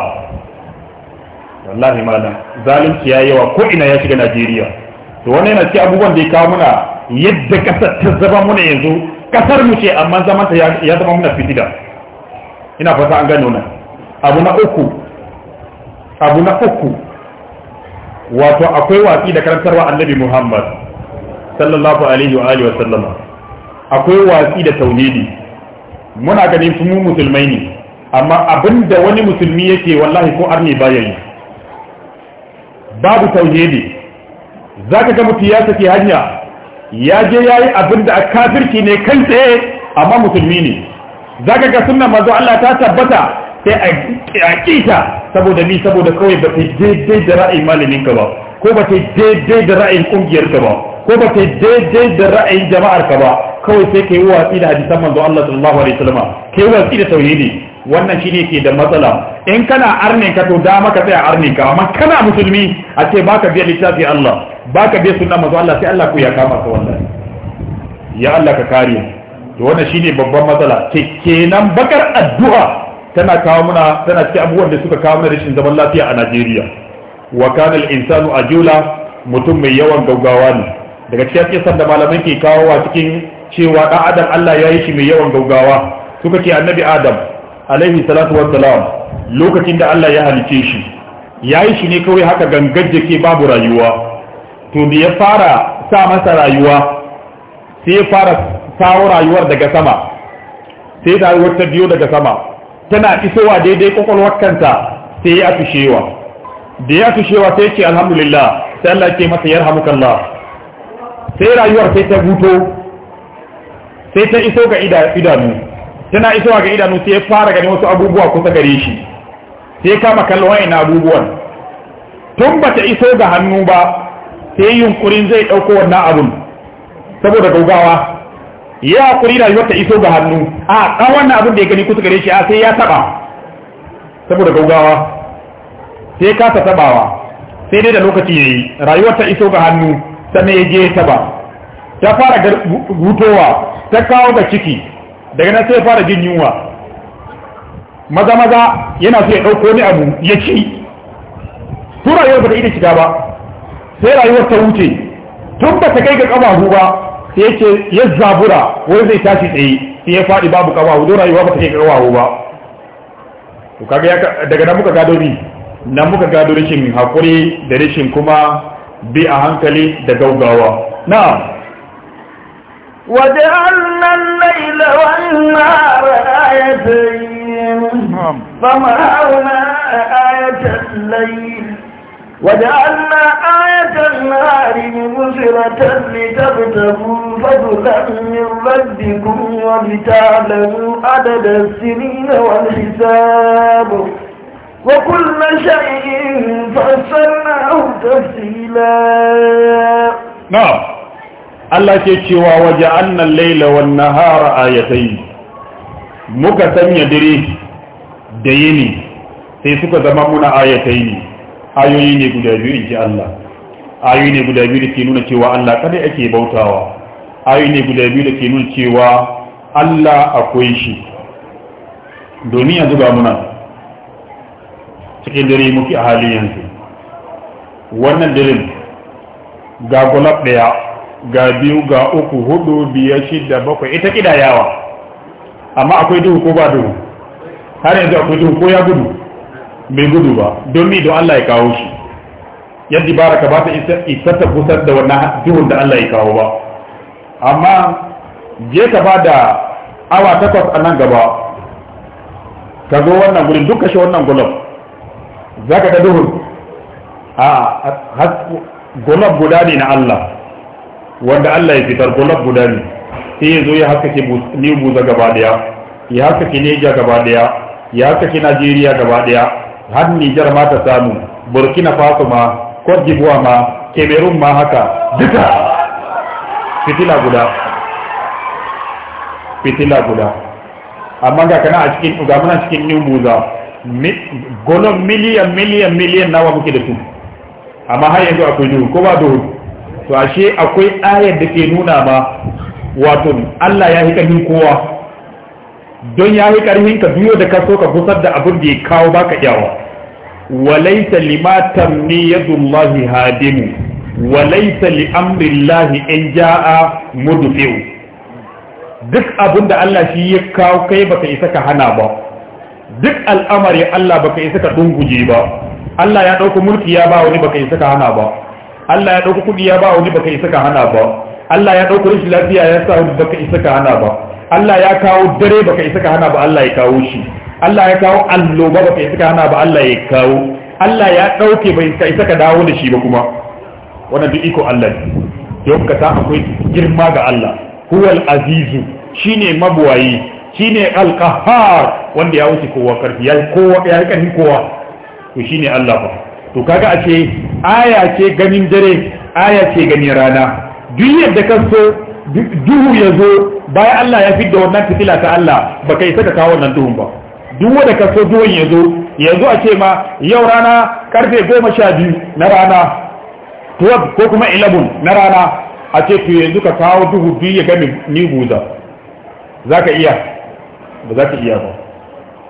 wallahi malam zalunci ya yawa ko ina ya shiga Najeriya to wani yana ci abubuwan da ya kawo muna yadda kasar ta zama muna yanzu kasar mu ce amma zaman ta ya zama muna fitida ina fata an gano nan abu na uku abu na uku wato akwai watsi da karantarwa annabi Muhammad sallallahu alaihi wa alihi wa sallama akwai watsi da tauhidi muna ganin su mu musulmai ne amma abin da wani musulmi yake wallahi ko arni baya yi babu tauhidi ka ga mutu ya hanya ya je yayi abin da kafirci ne kan tsaye amma musulmi ne Za ka ga suna mazu Allah ta tabbata sai a kita saboda ni saboda kawai ba ta daidai da ra'ayin malamin ka ba ko ba ta daidai da ra'ayin kungiyar ka ba ko ba ta daidai da ra'ayin jama'ar ka ba kawai sai kai watsi da hadisan manzo Allah sallallahu alaihi wasallam kai watsi da tauhidi wannan shine ke da matsala in kana arne ka to da ka tsaya arne ka amma kana musulmi a ce baka biya littafi Allah baka biya sunna manzo Allah sai Allah ku ya kama ka wannan. ya Allah ka kare to wannan shine babban matsala kenan bakar addu'a tana kawo muna tana cikin abubuwan da suka kawo mana rashin zaman lafiya a Najeriya wa kana al-insanu ajula mutum mai yawan gaugawa ne daga cikin kisan da malaman ke kawo wa cikin cewa ɗan adam Allah ya yi shi mai yawan gaugawa suka ce annabi adam alaihi salatu wa salam lokacin da Allah ya halice shi ya yi shi ne kawai haka gangan jake babu rayuwa to da ya fara sa masa rayuwa sai ya fara sawo rayuwar daga sama sai rayuwar ta biyo daga sama tana isowa daidai kwakwalwar kanta sai ya shewa da ya shewa sai ce alhamdulillah sai Allah ke masa yarhamukallah sai rayuwar sai ta huto sai ta iso ga idanu tana isowa ga idanu sai ya fara gani wasu abubuwa kusa gare shi sai kama kallon wayan abubuwan tun ba ta iso ga hannu ba sai yunkurin zai ɗauko wannan abun saboda gaugawa ya hakuri da yiwuwar ta iso ga hannu a ɗan wannan abun da ya gani kusa gare shi a sai ya taɓa saboda gaugawa sai kasa taɓawa sai dai da lokaci ya yi rayuwar ta iso ga hannu sannan ya je ya taɓa ta fara gutowa ta kawo ga ciki daga nan sai fara jin yunwa maza maza yana so ya ɗauko ni abu ya ci tun rayuwar ba ta ita shiga ba sai rayuwar ta wuce tun ba ta kai ga kabahu ba sai yake ya zabura wani zai tashi tsaye sai ya faɗi babu kabahu don rayuwa ba ta kai ga kabahu ba ku daga nan muka gado ni nan muka gado rashin hakuri da rashin kuma bi a hankali da gaugawa na'am
وجعلنا الليل والنهار آيتين نعم. فمحونا آية الليل وجعلنا آية النهار مبصرة لتبتغوا فضلا من ربكم ولتعلموا عدد السنين والحساب وكل شيء فصلناه تفصيلا
نعم Allah ke cewa waje annan laila wa nahara ayatai muka sanya dare da yini sai suka zama muna ayatai ayoyi ne guda biyu inji Allah ayoyi ne guda biyu da ke nuna cewa Allah kada ake bautawa ayoyi ne guda biyu da ke nuna cewa Allah akwai shi domin ya zuba muna cikin dare muke a halin yanzu wannan dare ga gulab daya ga biyu ga uku hudu biyar shida bakwai ita yawa. amma akwai duhu ko ba duhu har yanzu akwai duhu ko ya gudu bai gudu ba don mi don Allah ya kawo shi yadda ba ka ba ta isa ta kusa da wannan duhun da Allah ya kawo ba amma je ka ba da awa takwas a nan gaba ka zo wannan gudun, duk kashe wannan gulab za ka ga duhun a gulob guda ne na Allah wanda Allah ya fitar ko guda ne sai ya zo ya ke New Buza gaba daya ya ke Niger gaba daya ya ke Najeriya gaba daya har Niger ma ta samu Burkina Faso ma Cote d'Ivoire ma Cameroon ma haka duka fitila guda fitila guda amma ga kana a cikin ga muna cikin New Buza golon miliyan miliyan miliyan nawa muke da su amma har yanzu akwai ko ba duhu to ashe akwai ayar da ke nuna ma wato Allah ya hika karfin kowa don ya hika karfin ka biyo da ka so ka gusar da abin da ya kawo baka iyawa walaita lima tamniyatullahi hadimu walaita li amrillahi in jaa mudfiu duk abin da Allah shi ya kawo kai baka isa ka hana ba duk al'amari Allah baka isa ka dunguje ba Allah ya dauko mulki ya ba wani baka isa ka hana ba Allah ya dauko kuɗi ya ba wani baka isa ka hana ba Allah ya dauko rashin lafiya ya sa wani baka isa ka hana ba Allah ya kawo dare baka isa ka hana ba Allah ya kawo shi Allah ya kawo alloba baka isa ka hana ba Allah ya kawo Allah ya ɗauke bai isa ka dawo da shi ba kuma wannan duk iko Allah ne don ka ta akwai girma ga Allah huwal azizu shine mabuwayi shine alqahar wanda ya wuce kowa karfi ya kowa ya kan kowa to shine Allah ba to kaga a ce aya ce ganin dare aya ce ganin rana duk yadda ka so duhu ya zo bayan Allah ya fidda wannan fitila ta Allah ba ka isa ka kawo wannan duhun ba duk wanda ka so duhun ya zo yanzu a ce ma yau rana karfe goma sha biyu na rana 12 ko kuma 11 na rana a ce to yanzu ka kawo duhu duk ya gami ni guza za ka iya ba za ka iya ba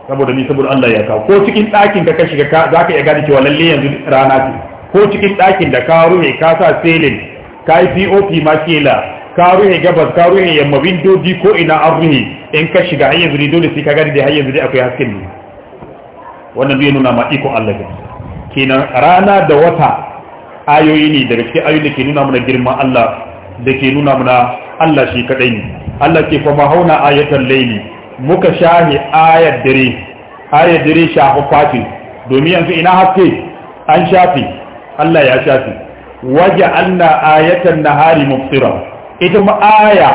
saboda ni saboda Allah ya kawo ko cikin ɗakin ka ka shiga za ka iya gani cewa lalle yanzu rana ce ko cikin ɗakin da ka ruhe ka sa selin ka yi pop makela ka ruhe gabas ka ruhe yamma windoji ko ina an ruhe in ka shiga hanyar zuri dole sai ka gani da hanyar zuri akwai hasken ne wannan zai nuna ma iko Allah ga kenan rana da wata ayoyi ne daga cikin ayoyi da ke nuna mana girman Allah da ke nuna mana Allah shi kadai ne Allah ke kuma hauna ayatan laili muka shahi ayar dare ayar dare shahu fatin domin yanzu ina haske an shafi Allah ya shafi waje anna ayatan nahari mubsira ita ma aya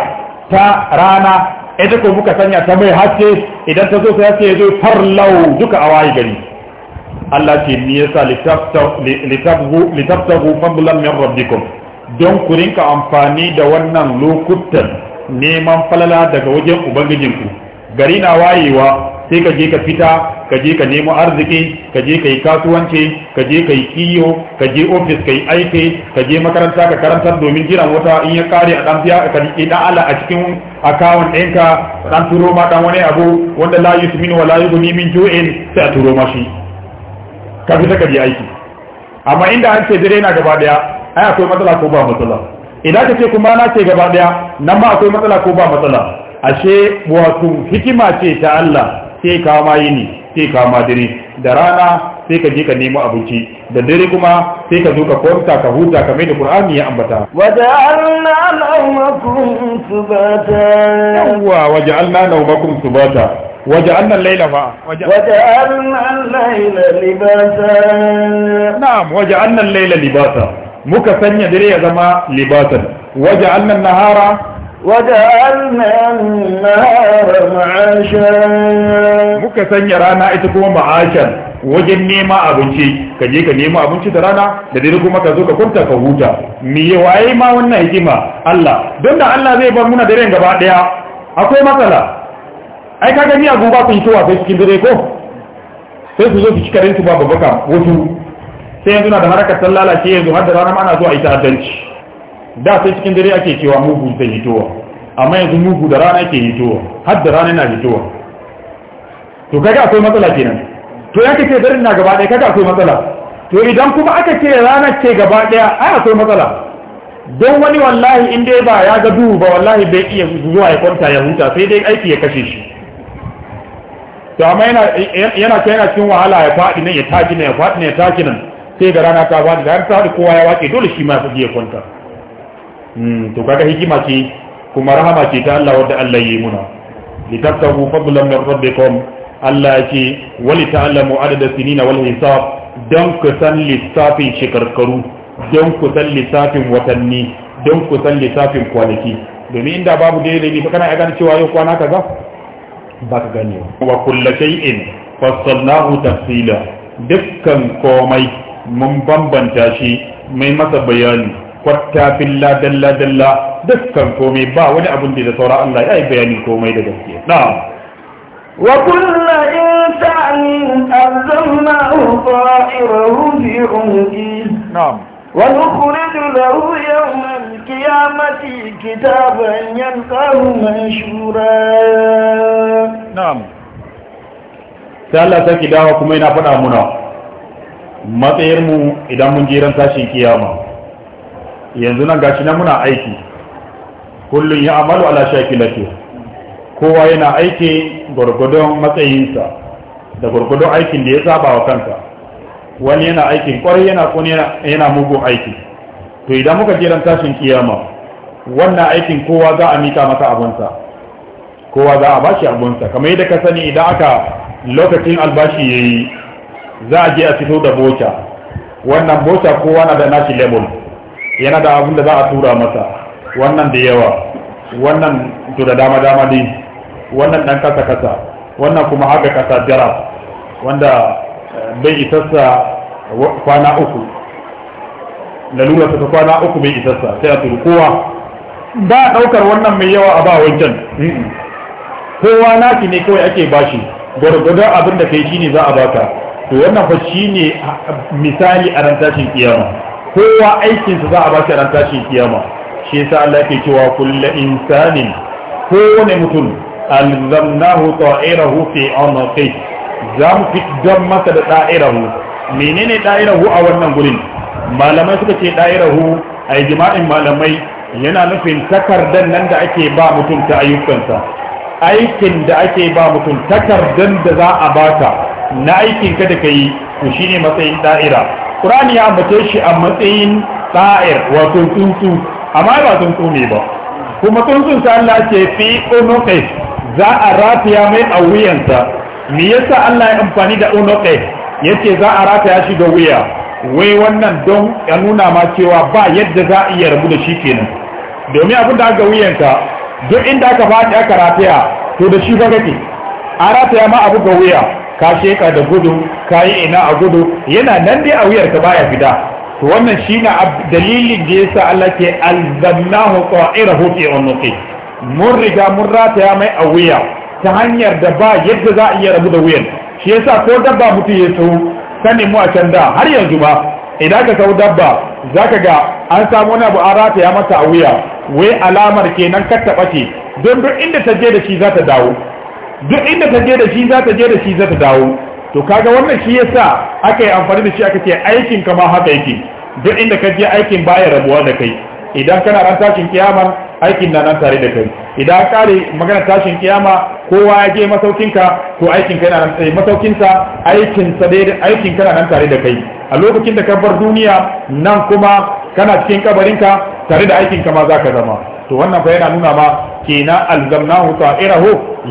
ta rana ita ko muka sanya ta mai haske idan ta zo ta haske zo farlau duka a waye gari Allah ce ni yasa litabtagu litabtagu fadlan min rabbikum don ku rinka amfani da wannan lokutan neman falala daga wajen ubangijinku gari na wayewa sai ka je ka fita ka je ka nemo arziki ka je ka yi kasuwanci ka je ka yi kiyo ka je ofis ka yi aiki ka je makaranta ka karantar domin jiran wata in ya kare a dan biya ka Allah a cikin akawun ɗinka dan turo ma dan wani abu wanda la yusmin wa la yughni min ju'in sai a turo ma shi ka fita ka je aiki amma inda an ce dare na gaba daya ai akwai matsala ko ba matsala idan ka ce kuma na ce gaba daya nan ma akwai matsala ko ba matsala ashe wato hikima ce ta Allah sai kawo ma ni? sai kama dare da rana sai ka je ka nemo abinci da dare kuma sai ka zo ka kwanta ka huta ka maida Qur'ani ya ambata
waja'alna nawmakum subata yawwa
waja'alna nawmakum subata waja'alna al-layla fa waja'alna al-layla libasan. na'am waja'alna al-layla libasan. muka sanya dare ya zama libasan waja'alna an-nahara وجعلنا النهار معاشا muka sanya rana ita kuma ma'ashan wajen nema abinci ka je ka nema abinci da rana da dare kuma ka zo ka kwanta ka huta me waye ma wannan hikima Allah don da Allah zai bar muna daren gaba daya akwai matsala ai ka gani a ba ku yi towa sai cikin dare ko sai ku zo ku cikarin rinsu babaka babbaka wasu sai yanzu na da harakar sallala lalace yanzu har da rana ma ana zuwa ita addanci da sai cikin dare ake cewa mugu zai hitowa amma yanzu mugu da rana ke hitowa har da rana na hitowa to kaga akwai matsala kenan to ya ce dare na gaba ɗaya kaga akwai matsala to idan kuma aka ce rana ce gaba ɗaya ai akwai matsala don wani wallahi in dai ba ya ga duhu ba wallahi bai iya zuwa ya kwanta ya huta sai dai aiki ya kashe shi to amma yana yana yana cikin wahala ya faɗi nan ya tashi nan ya faɗi nan ya tashi nan sai ga rana ta faɗi da ta faɗi kowa ya wace dole shi ma ya ya kwanta Hmm, to kaga hikima ce kuma rahama ce ta Allah wadda Allah yi muna litabtahu fadlan min rabbikum Allah ce wali ta'lamu adada sinina wal hisab don ku san lissafin shekarkaru don ku san lissafin watanni don ku san lissafin kwanaki domin inda babu daidai ne kana gane cewa yau kwana kaza ba ka gane wa kullu shay'in fassalnahu tafsila dukkan komai mun bambanta shi mai masa bayani kwatta filla dalla dalla dukkan komai ba wani abun da saura Allah ya yi bayanin komai da gaskiya na'am
وكل إنسان ألزمناه طائره في عنقه نعم ونخرج له يوم القيامة كتابا يلقاه منشورا
نعم Allah sarki dawa kuma yana faɗa muna matsayarmu idan mun jiran tashin kiyama yanzu nan gashi nan muna aiki kullum ya amalu ala shakilati kowa yana aiki gwargwadon matsayinsa da gwargwadon aikin da ya saba wa kansa wani yana aikin kwarai yana kone yana mugun aiki to idan muka je ran tashin kiyama wannan aikin kowa za a mika masa abunsa kowa za a bashi abunsa kamar yadda ka sani idan aka lokacin albashi yayi za a je a fito da bocha wannan bocha kowa na da nashi level yana da abin da za a tura masa wannan da yawa wannan to da dama dama ne wannan dan kasa kasa wannan kuma haka kasa jarab wanda eh, bai isassa kwana uku lalura ta kwana uku bai isassa sai a turu kowa ba a daukar wannan mai yawa a ba wancan kowa naki ne kawai ake bashi gwargwadon abin da kai ne za a baka to wannan fa ne misali a rantashin iyawa. kiyama kowa aikinsa za a ba shi ran tashin kiyama shi yasa Allah yake cewa kullu insanin kowane mutum alzamnahu ta'irahu fi anqi za mu masa da ta'irahu menene ta'irahu a wannan gurin malamai suka ce ta'irahu a jima'in malamai yana nufin takardar nan da ake ba mutum ta ayyukansa aikin da ake ba mutum takardar da za a baka na aikin ka da kai to shine matsayin da'ira Kur'ani ya ambace shi a matsayin tsa'ir wato tuntu amma ba tuntu ne ba kuma tsuntsun sa Allah ce fi unuqi za a rataya mai a wuyansa me yasa Allah ya amfani da unuqi yace za a rataya shi ga wuya wai wannan don ya nuna ma cewa ba yadda za a iya rabu da shi kenan domin abin da aka wuyanka duk inda aka faɗi aka rafiya to da shi ba kake a rataya ma abu ga wuya ka sheka da gudu ka yi ina a gudu yana nan dai a wuyar ka baya fita to wannan shi na dalilin da yasa Allah ke alzannahu qa'irahu fi unqi mun riga mun rataya mai a wuya ta hanyar da ba yadda za a iya rabu da wuyan shi yasa ko dabba mutu ya tso sani mu a can da har yanzu ba idan ka kawo dabba zaka ga an samu wani abu an rataya mata a wuya wai alamar kenan ka taɓa ce don duk inda ta je da shi za ta dawo duk inda ta je da shi za ta je da shi za ta dawo to kaga wannan shi yasa aka yi amfani da shi aka ce aikin kama haka yake duk inda ka je aikin baya rabuwa da kai idan kana ran tashin kiyama aikin na nan tare da kai idan kare magana tashin kiyama kowa ya je masaukin ka, ko aikin kana nan tsaye eh, sa aikin sa dai aikin kana nan tare da kai a lokacin da ka bar duniya nan kuma kana cikin kabarinka tare da aikin ka ma zaka zama to wannan fa yana nuna ma kenan alzamnahu ta'irahu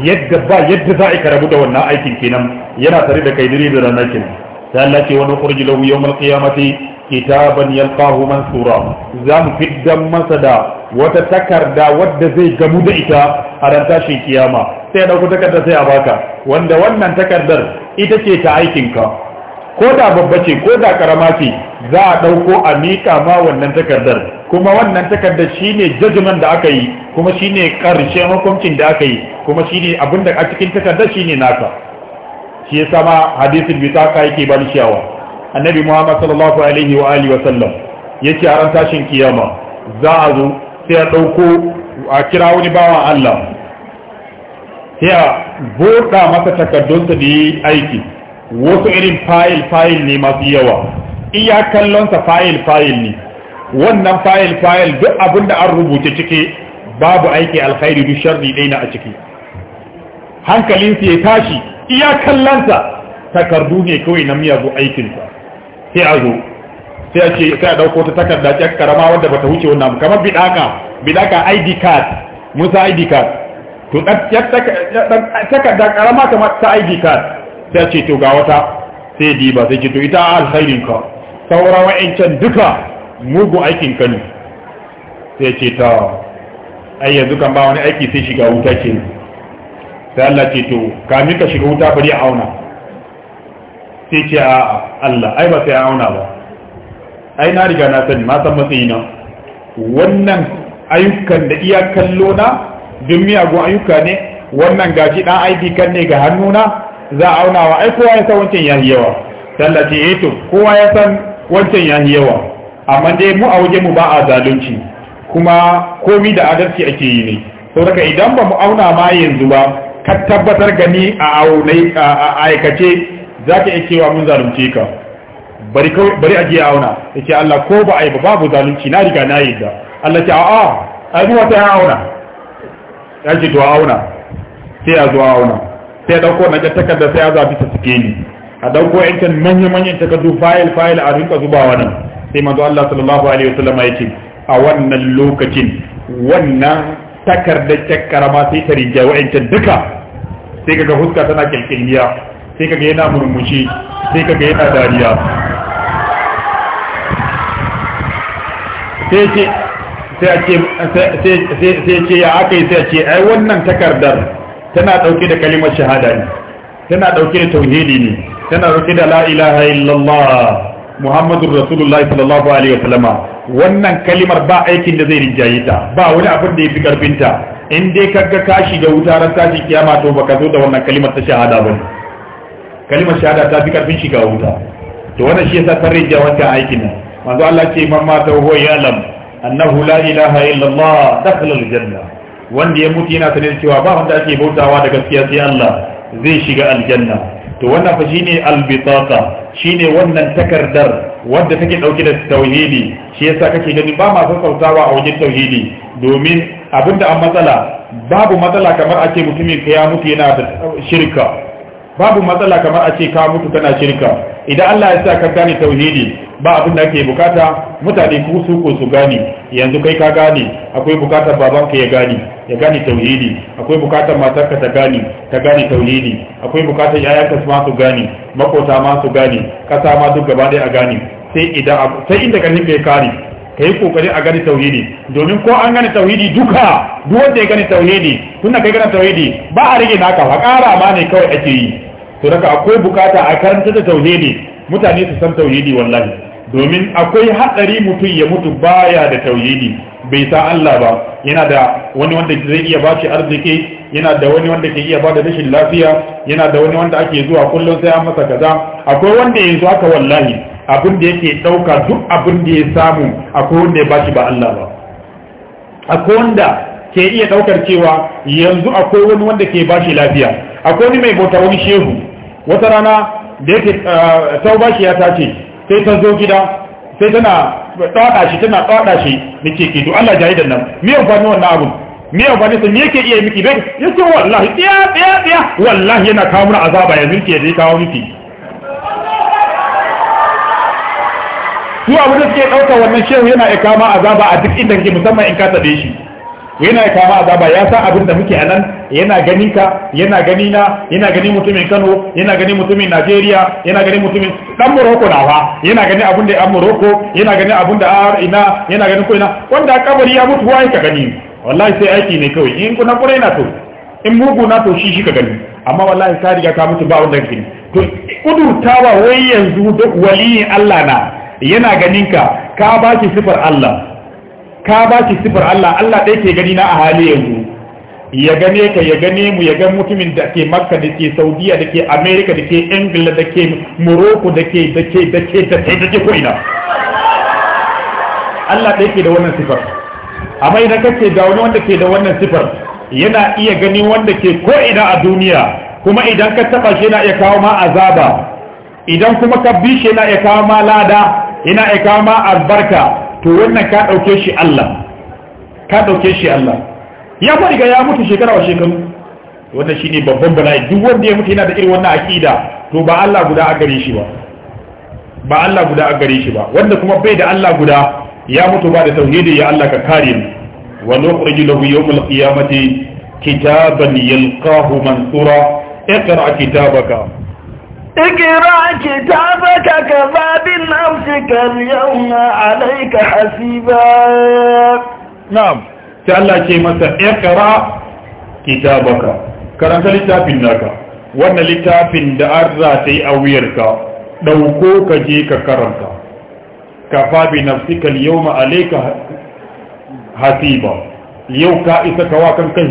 yadda ba yadda za a karabu da wannan aikin kenan yana tare da kai dire da ranar kenan sai Allah ce wani kurji lahu yawmal qiyamati kitaban yalqahu mansura za mu fiddan masa da wata takarda wadda zai gamu da ita a ran tashin kiyama sai ya dauko takardar sai a baka wanda wannan takardar ita ce ta aikinka ko da babba ce ko da karama ce za a dauko a miƙa ma wannan takardar kuma wannan takarda shine judgment da aka yi kuma shine karshen hukuncin da aka yi kuma shine abin da a cikin takarda shine nasa. shi ya sama hadisin bi ta yake ban shawa annabi muhammad sallallahu alaihi wa alihi wa sallam yace a ran tashin kiyama za a zo sai a dauko a kira wani bawan Allah sai a buɗa masa takardunsa da yi aiki wasu irin fayil fayil ne masu yawa iya kallonsa fayil fayil ne wannan fayil fayil duk abin da an rubuta ciki babu aiki alkhairi duk sharri na a ciki hankalinsa ya tashi iya kallonsa takardu ne kawai na miyagun aikinsa sai a zo sai a ce sai a dauko ta takarda ce karama wadda bata wuce wannan kamar bidaka bidaka ID card musa ID card to takarda karama kamar ta ID card sai a ce to ga wata sai diba sai ce to ita alkhairin ka saura wa'ancan duka mugu aikin kanu sai ce ta ai yanzu kan ba wani aiki sai shiga wuta ce sai Allah ce to ka ka shiga wuta bari a auna sai ce a Allah ai ba sai a auna ba ai na riga na sani ma san matsayi na wannan ayyukan da iya kallo na duk miyagun ayyuka ne wannan gashi dan ID kan ne ga hannuna za a wa? ai kowa ya san wancan yayi yawa sai Allah ce eh to kowa ya san wancan yayi yawa amma dai mu a waje mu ba a zalunci kuma komi da adalci ake yi ne saboda idan ba mu auna ma yanzu ba ka tabbatar gani a aunai a aikace zaka iya cewa mun zalunce ka bari bari a je auna yace Allah ko ba ai ba babu zalunci na riga na yadda Allah ce a'a ai zuwa wata auna ya ji to auna sai ya zo auna sai dauko na ga takarda sai ya zabi ta suke ni a dauko yankin manya-manyan takardu fayil fayil a rinka zubawa nan sai manzo Allah sallallahu alaihi wasallam a wannan lokacin wannan takardar cakkara ma sai ta rinja wa'ancan duka sai kaga huska tana kilkiliya sai kaga yana murmushi sai kaga yana dariya sai ce sai ce ya aka yi sai ce ai wannan takardar tana dauke da kalimar shahada ne tana dauke da tauhidi ne tana dauke da la ilaha illallah muhammadu rasulullahi sallallahu alaihi sallama wannan kalimar ba aikin da zai rinjaye ta ba wani abin da ya fi karfin ta in dai kaga ka shiga wuta ran tashin kiyama to baka zo da wannan kalimar ta shahada bane kalimar shahada ta fi karfin shiga wuta to wannan shi yasa ta rinjaye wancan aikin nan manzo Allah ce man mata huwa ya'lam annahu la ilaha illa Allah dakhala wanda ya mutu yana sanin cewa ba wanda ake bautawa da gaskiya sai Allah zai shiga aljanna to wannan fa shine albitaka shine wannan takardar wadda take dauke da tauhidi shi yasa kake gani ba ma sautawa a wajen tauhidi domin abinda an matsala babu matsala kamar ake mutumin ka ya mutu yana da shirka babu matsala kamar a ce ka mutu kana shirka idan Allah ya sa ka gane tauhidi ba abin da ake bukata mutane ku su ko su gane yanzu kai ka gane akwai bukatar babanka ya gane ya gane tauhidi akwai bukatar matarka ta gane ta gane tauhidi akwai bukatar yayanka su ma su gane makota ma su gane kasa ma duk gaba a gane sai idan sai inda karfin kai kare ka kokari a gani tauhidi domin ko an gani tauhidi duka duk wanda ya gani tauhidi tunda kai gani tauhidi ba a rage naka ba ƙara ma ne kawai ake yi to daga akwai bukata a karanta da tauhidi mutane su san tauhidi wallahi domin akwai hatsari mutum ya mutu baya da tauhidi bai sa Allah ba yana da wani wanda zai iya ba shi arziki yana da wani wanda ke iya ba da rashin lafiya yana da wani wanda ake zuwa kullum sai an masa kaza akwai wanda yanzu aka wallahi abin da yake dauka duk abin da ya samu akwai wanda ya bashi ba Allah ba akwai wanda ke iya daukar cewa yanzu akwai wani wanda ke bashi lafiya akwai wani mai bauta wani shehu wata rana da yake uh, tauba shi ya tace sai ta zo gida sai tana tsada shi tana tsada shi da ke ke to Allah jayi da nan me amfani wannan abun me amfani sai me yake iya miki bai yace wallahi tsiya tsiya tsiya wallahi yana kawo mana azaba ya miki da kawo miki su abu da suke ɗauka wannan shehu yana ikama azaba a duk inda kake musamman in ka tabe shi yana kama azaba ya san abin da muke a nan yana gani ka yana gani na yana gani mutumin Kano yana gani mutumin Najeriya yana gani mutumin dan Morocco na fa yana gani abin da an Morocco yana gani abin da ina yana gani ko ina wanda kabari ya mutu wai ka gani wallahi sai aiki ne kawai in kuna kure na to in mugu na to shi shi ka gani amma wallahi ka riga ka mutu ba wanda gani to kudurtawa wai yanzu duk waliyin Allah na yana ganin ka ka baki sifar Allah ka ba ki sifar Allah Allah ɗaya ke gani na a hali yanzu ya gane ka ya gane mu ya gan mutumin da ke makka da ke saudiya da ke amerika da ke ingila da ke morocco da ke da ke da ke da ke da ke ko'ina Allah ɗaya ke da wannan sifar amma idan ka ce ga wani wanda ke da wannan sifar yana iya gani wanda ke ko'ina a duniya kuma idan ka taɓa shi yana iya kawo ma azaba idan kuma ka bi shi yana iya kawo ma lada yana iya kawo ma albarka to wannan ka ɗauke shi Allah ka ɗauke shi Allah ya fa riga ya mutu shekara wa shekaru wannan shine babban bala'i duk wanda ya mutu yana da irin wannan akida to ba Allah guda a gare shi ba ba Allah guda a gare shi ba wanda kuma bai da Allah guda ya mutu ba da tauhidi ya Allah ka kare mu wa nukhrij lahu yawmal qiyamati kitaban yalqahu mansura اقرأ كتابك
اقرأ كتابك كفى بنفسك اليوم عليك حسيبا نعم
تعالى كلمة اقرأ كتابك karanta littafin naka wannan littafin da an rataye a wuyarka ɗauko ka je ka karanta ka fabi nafsikal yau ma'alaika hasiba yau ka isa kawa kan kan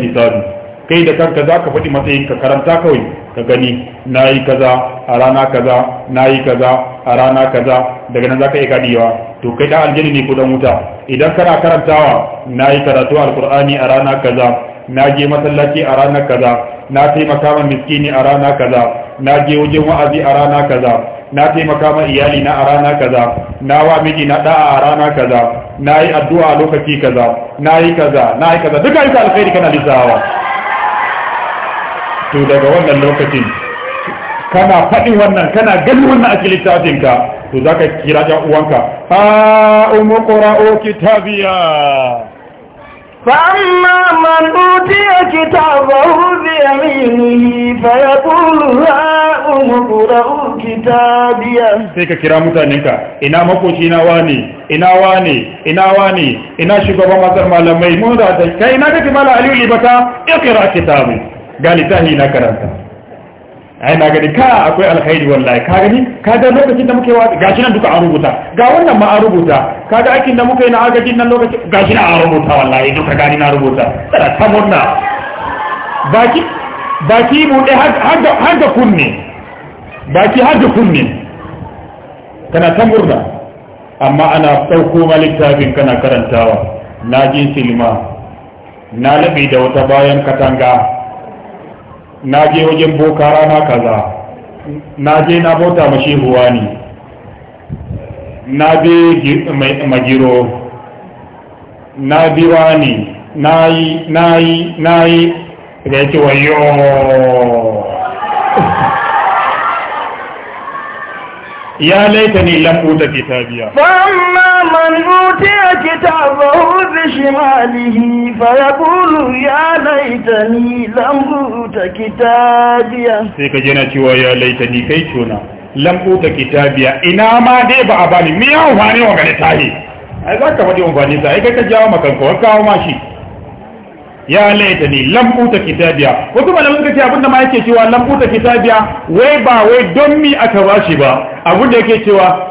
kai da kanka za ka faɗi matsayinka karanta kawai ka gani na yi kaza a rana kaza na yi kaza a rana kaza daga nan za ka iya kaɗewa to kai da aljini ne ko dan wuta idan kana karantawa na yi karatu alkur'ani a rana kaza na je masallaci a rana kaza na taimaka ma miskini a rana kaza na je wajen wa'azi a rana kaza na taimaka ma iyali na a rana kaza na wa miji na da'a a rana kaza na yi addu'a a lokaci kaza na yi kaza na yi kaza duka ayyuka alkhairi kana lissawa
to daga wannan
lokacin kana faɗi wannan kana gani wannan a littafin ka to ka kira ɗan uwanka ha umu qura'u kitabiya
فأما من ya كتابه ha فيقول هاؤم اقرءوا kitabiya
sai ka kira mutanenka ina makoci ina wani ina wani ina wani ina shugaban masar malamai mun da kai na kake mala aliyu libata kira kitabi ga littafi na karanta ai na gani ka akwai alkhairi wallahi ka gani ka ga lokacin da muke wa gashi nan duka an rubuta ga wannan ma an rubuta ka ga aikin da muke na agaji nan lokacin gashi nan an rubuta wallahi duka gani na rubuta tara ta murna baki baki buɗe har da kunne baki har da kunne kana ta murna amma ana ɗauko ma kana karantawa na ji silma na labi da wata bayan katanga na je wajen boka rana kaza na je na bauta ma shehuwa ne na bi magiro na biwa ne na yi na yi na yi da wayo ya laitani lam uta kitabiya
famma man utiya kitabahu bi shimalihi fa yaqulu ya laitani lam uta kitabiya
sai ka jina cewa ya laitani kai tona lam uta kitabiya ina ma dai ba a bani me ya amfani wa gare tahi ai za ka faɗi amfani sa ai kai ka jawo makanka wa kawo ma shi ya laita ni lam uta kitabiya da malamin kace abin da ma yake cewa lam uta kitabiya wai ba wai don mi aka bashi ba abin da yake cewa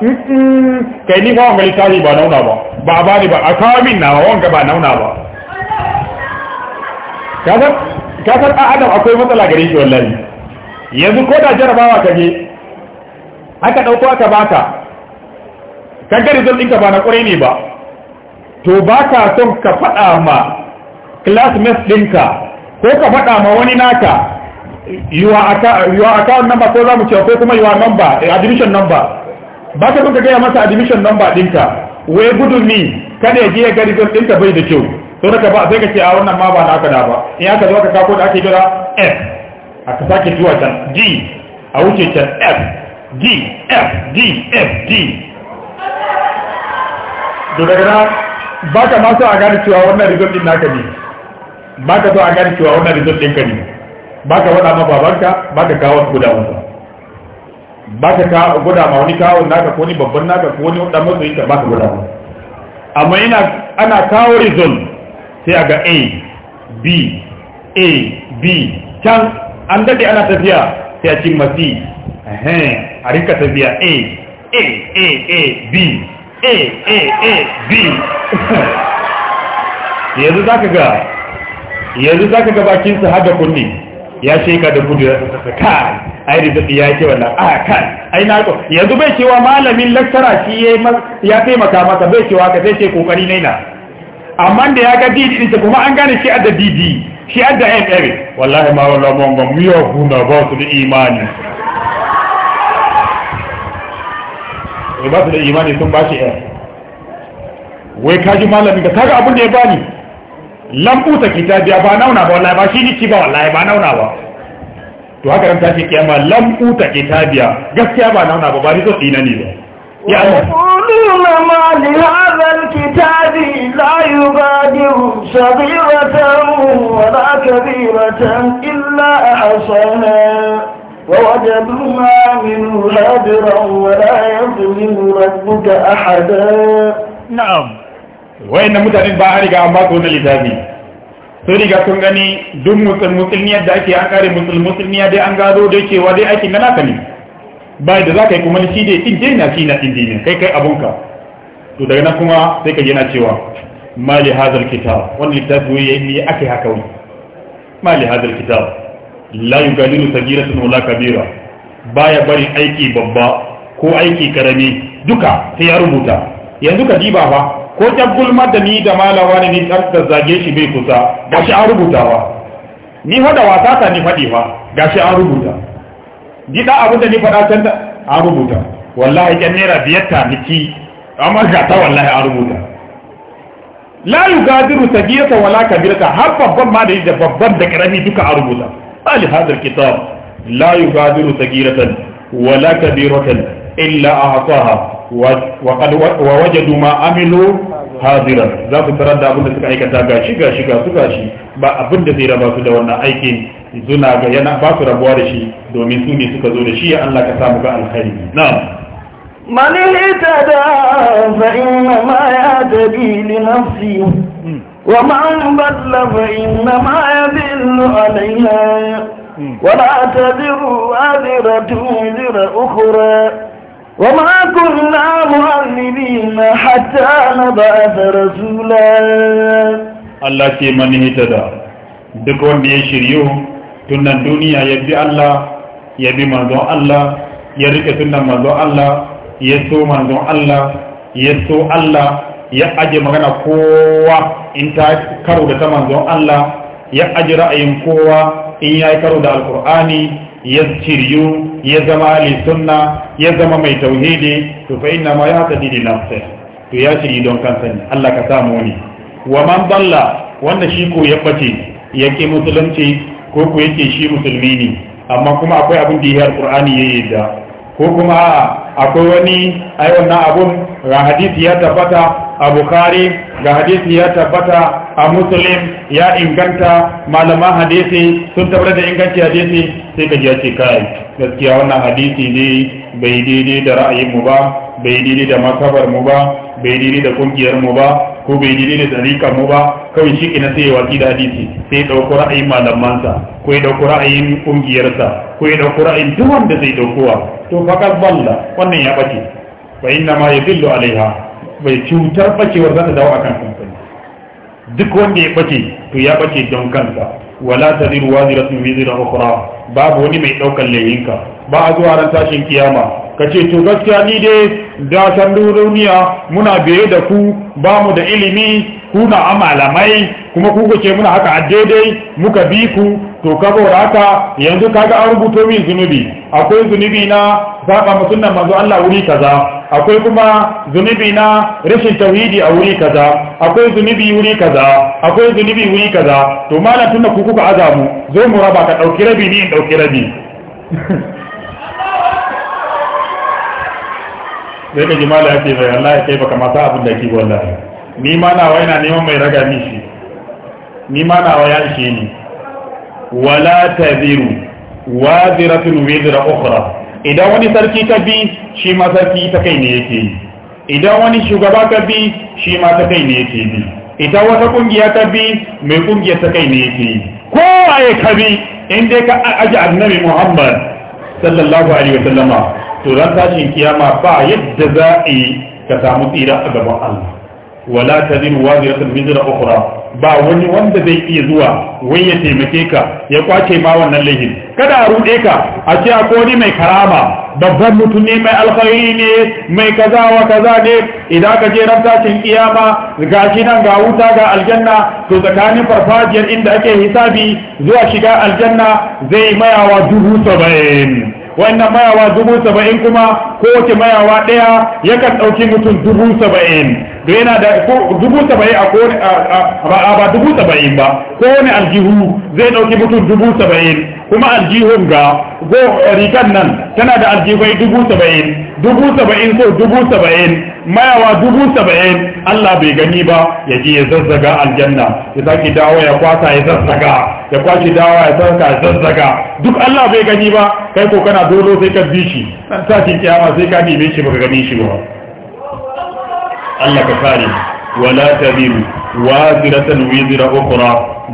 kai ni fa wani tahi ba nauna ba ba ba ni ba a kawo min nawa wanga ba nauna ba kasar kasar a adam akwai matsala gare shi wallahi yanzu ko da jarabawa ka je aka dauko aka baka kan gari result ɗinka ba na ƙure ne ba to baka son ka faɗa ma classmates ɗinka ko ka faɗa ma wani naka yiwa account number ko za mu cewa ko kuma yiwa number eh, admission number ba ka ka gaya masa admission number ɗinka wai gudun ni kada ya je ya gari ɗinka bai da kyau to daga ba sai ka ce a wannan ma ba naka da ba in aka zo ka kako da ake jira f aka sake zuwa can g a wuce can f g f D, f D. to daga ba ka masu a gane cewa wannan result din naka ne ba ka so a gani cewa wannan result ɗinka ne ba ka faɗa ma babanka ba ka kawo guda masa ba ka guda ma wani kawo naka ko ni babban naka ko ni ɗan masoyinka ba ka guda masa amma ina ana kawo result sai a ga a b a b can an daɗe ana tafiya sai a cimma c a rinka tafiya a a a a b a a a b (laughs) yanzu za ka ga yanzu ka ga bakin sa hada kunni ya sheka da gudu kai ai da ya ce wannan a ah, kai ai na ko yanzu bai cewa malamin lakkara shi ya taimaka maka bai cewa ka sai ce kokari ne na amma da ya ga didi din kuma an gane shi adda didi shi adda yan ɗare wallahi ma wala ba, ga miya guna ba su da imani ba su da imani sun ba shi yan wai kaji malamin ka kaga abin da ya bani lambuta kitabiya ba nauna ba wallahi ba shi ni ci ba wallahi ba nauna ba to haka ran tashi kiyama lambuta kitabiya gaskiya ba nauna ba ba ni so tsina ne ba ya
Allah ma li hadha alkitabi la yubadiru saghiratan wala kabiratan illa ahsana ووجدوا ما منه هادرا ولا يظلم ربك
أحدا نعم na mutanen ba a riga an ba su littafi sun riga sun gani duk musulmiyar da ake an kare musulmiya dai an gado dai cewa dai aikin na naka ne ba da za ka yi kuma shi dai in dai na shi na indi ne kai kai abunka to daga nan kuma sai ka yana cewa mali hazal kitab wannan littafi wai ne ake haka wani mali hazal kitab la yugalilu sagiratun wala kabira baya bari aiki babba ko aiki karami duka sai ya rubuta yanzu ka diba fa ko ta gulmar da ni da malawa ne ni ta zage shi bai kusa ga shi an rubuta ba. ni fa da wasa ta ni faɗi ba, ga shi an rubuta gida abin da ni faɗa can da an rubuta wallahi jan naira biyar ta miki amma ga ta wallahi an rubuta la yugadiru sagirata wala kabirata har babban ma da babban da karami duka an rubuta ali hadar kitab la yugadiru sagiratan wala kabiratan illa a ahsaha wa wajadu ma amilu hadiran za su tarar da abinda suka aikata gashi gashi ga su gashi ba abinda zai raba su da wannan aikin suna ga yana ba su rabuwa da shi domin su ne suka zo da shi ya Allah ka samu ga alkhairi na'am
nafsi wa فإنما يهتدي fa inna ma hmm. yadillu alayha hmm. wa la tadiru وازرة وزر ukhra وما كنا مؤمنين حتى نبعث رسولا
الله كي من هتدى دكون بي شريو تنا الدنيا يبي الله يبي منظور الله يرك تنا منظور الله يسو منظور الله يسو الله ya aje magana kowa in ta karo da ta manzon Allah ya aje ra'ayin kowa in ya yi karo da alkur'ani ya shiryu ya zama ali sunna ya zama mai tauhidi to fa inna ma ya tadi li nafsi to ya ciryu don kansa ne Allah ka samu ni wa man dalla wanda shi ko ya bace ke musulunci ko ko yake shi musulmi ne amma kuma akwai abin da ya alqur'ani ya da ko kuma akwai wani ai wannan abun ga hadisi ya tabbata a Bukhari ga hadisi ya tabbata a musulun ya inganta malaman hadisi sun tabbata da inganci hadisi sai ka ji ce kai gaskiya wannan hadisi ne bai daidai da ra'ayin mu ba bai daidai da makabar mu ba bai daidai da kungiyar mu ba ko bai daidai da tsarika mu ba kawai shi na sai ya watsi da hadisi sai ya dauko ra'ayin malamansa ko ya dauko ra'ayin sa ko ya dauko ra'ayin duk wanda zai daukowa to fakat balla wannan ya bace fa inna ma yadillu alaiha bai cutar bacewar za ta dawo akan kansa duk wanda ya bace to ya bace don kansa wala taziru waziratun wizra ukhra babu wani mai ɗaukan layinka ba a zuwa ran tashin kiyama Ka ce to gaskiya ni dai da san duniya muna biye da ku ba mu da ilimi ku na amalamai kuma ku kuke muna haka daidai muka bi ku to kabo haka yanzu kaga an rubuto min zunubi akwai zunubi na saba mu sunnan manzo Allah wuri kaza akwai kuma zunubi na rashin tauhidi a wuri kaza akwai zunubi wuri kaza akwai zunubi wuri kaza to malam tunna ku kuka azamu zo mu raba ka dauki rabi ni in dauki rabi dai (laughs) ka ji mala ya ce bai wallahi kai baka masa abin da ke wallahi ni ma nawa na neman mai raga mishi ni ma nawa ya ishe ni wala taziru waziratun wizra ukhra idan wani sarki ka bi shi ma sarki ta kai ne yake yi idan wani shugaba ka bi shi ma ta kai ne yake bi ita wata kungiya ta bi mai kungiyar ta kai ne yake yi kowaye ka bi in dai ka aji annabi muhammad sallallahu alaihi to ran tashin kiyama ba yadda za a yi ka samu tsira a gaban allah wala taziru waziratun mizra ukhra ba wani wanda zai iya zuwa wai ya taimake ka ya kwace ma wannan laifin kada a ruɗe ka a ce a kori mai karama babban mutum ne mai alkhairi ne mai kaza wa kaza ne idan ka je ran tashin kiyama ga shi nan ga wuta ga aljanna to tsakanin farfajiyar inda ake hisabi zuwa shiga aljanna zai mayawa dubu saba'in wannan mayawa dubu saba'in kuma kowace mayawa ɗaya yakan ɗauki mutum dubu saba'in da yana da dubu saba'in a a ba dubu saba'in ba kowane aljihu zai ɗauki mutum dubu saba'in kuma aljihun ga go rikan nan tana da aljihai dubu saba'in dubu saba'in ko dubu saba'in mayawa dubu saba'in Allah bai gani ba ya je ya zazzaga aljanna ya zaki dawo ya kwasa ya zazzaga ya kwashi dawa ya sarka ya zazzaga duk Allah bai gani ba kai ko kana dolo sai ka bishi shi nan kiyama sai ka nime shi baka gani shi ba Allah ka kare wala tabiru waziratan wizra ukhra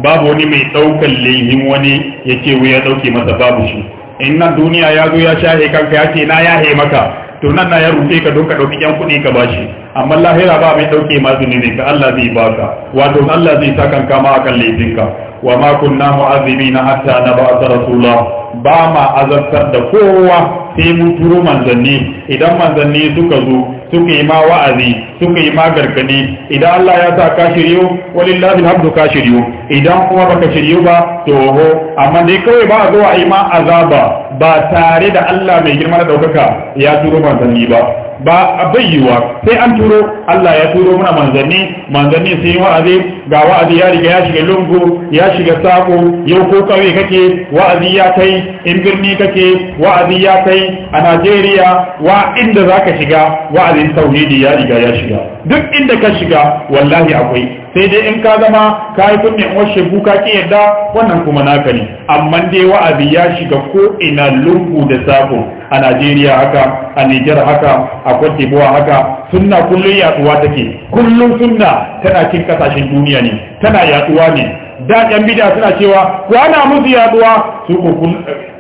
babu wani mai daukan laihin wani yake wai dauke masa babu shi in nan duniya ya zo ya shahe kanka ya ce na yahe maka to nan na ya rufe ka don ka dauki yan kuɗi ka bashi amma lahira ba mai dauke ma zunubi ka Allah zai baka wato Allah zai saka kanka ma akan laifinka wa ma kunna mu'azzibina hatta nab'atha rasulullah ba ma azabtar da kowa sai mun turo manzanni idan manzanni suka zo suka yi ma wa'azi suka yi magargadi idan Allah ya sa ka shiryu lafin alhamdu ka shiryu idan kuma baka shiryu ba to ho amma dai kawai ba a zuwa yi ma azaba ba tare da Allah mai girma na ɗaukaka ya turo manzanni ba ba a bayyuwa sai an turo Allah ya turo mana manzanni manzanni sai wa'azi ga wa'azi ya riga ya shiga lungu ya shiga sako yau ko kawai kake wa'azi ya kai in birni kake wa'azi ya kai a Najeriya wa inda ka shiga wa'azin tauhidi ya riga ya shiga shiga duk inda ka shiga wallahi akwai sai dai in ka zama ka yi kunnen washe ka ki yadda wannan kuma naka ne amma dai wa'azi ya shiga ko ina lungu da sako a Najeriya haka a Niger haka a Cote haka sunna kullun yaduwa take kullun sunna tana cin kasashen duniya ne tana yaduwa ne da yan bid'a suna cewa ko ana musu yaduwa su ko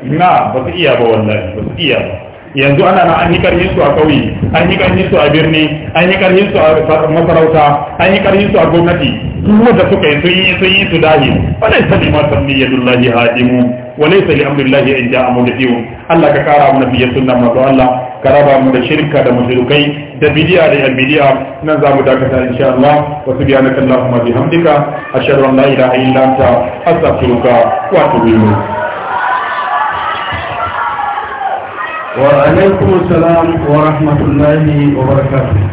na ba su iya ba wallahi ba su iya ba yanzu ana nan an yi karhin su a ƙauye an yi karhin su a birni an yi karhin su a masarauta an yi karhin su a gwamnati duk wanda suka yi sun yi sun yi su dahi walai sani ma sanni dullahi hadimu walai sani amrullahi in ja'a mudhiun Allah ka kara mu nabiyyi sunna ma Allah ka raba mu da shirka da mushrikai da bidiya da yan bidiya nan za mu dakata insha Allah wa subhanaka allahumma bihamdika ashhadu an la ilaha illa anta astaghfiruka wa atubu ilayk wa’alaikun salam wa rahmatullahi wa barakatun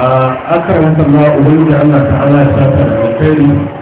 a aka rasa na’uwar da ana ta’ala ya sata da kai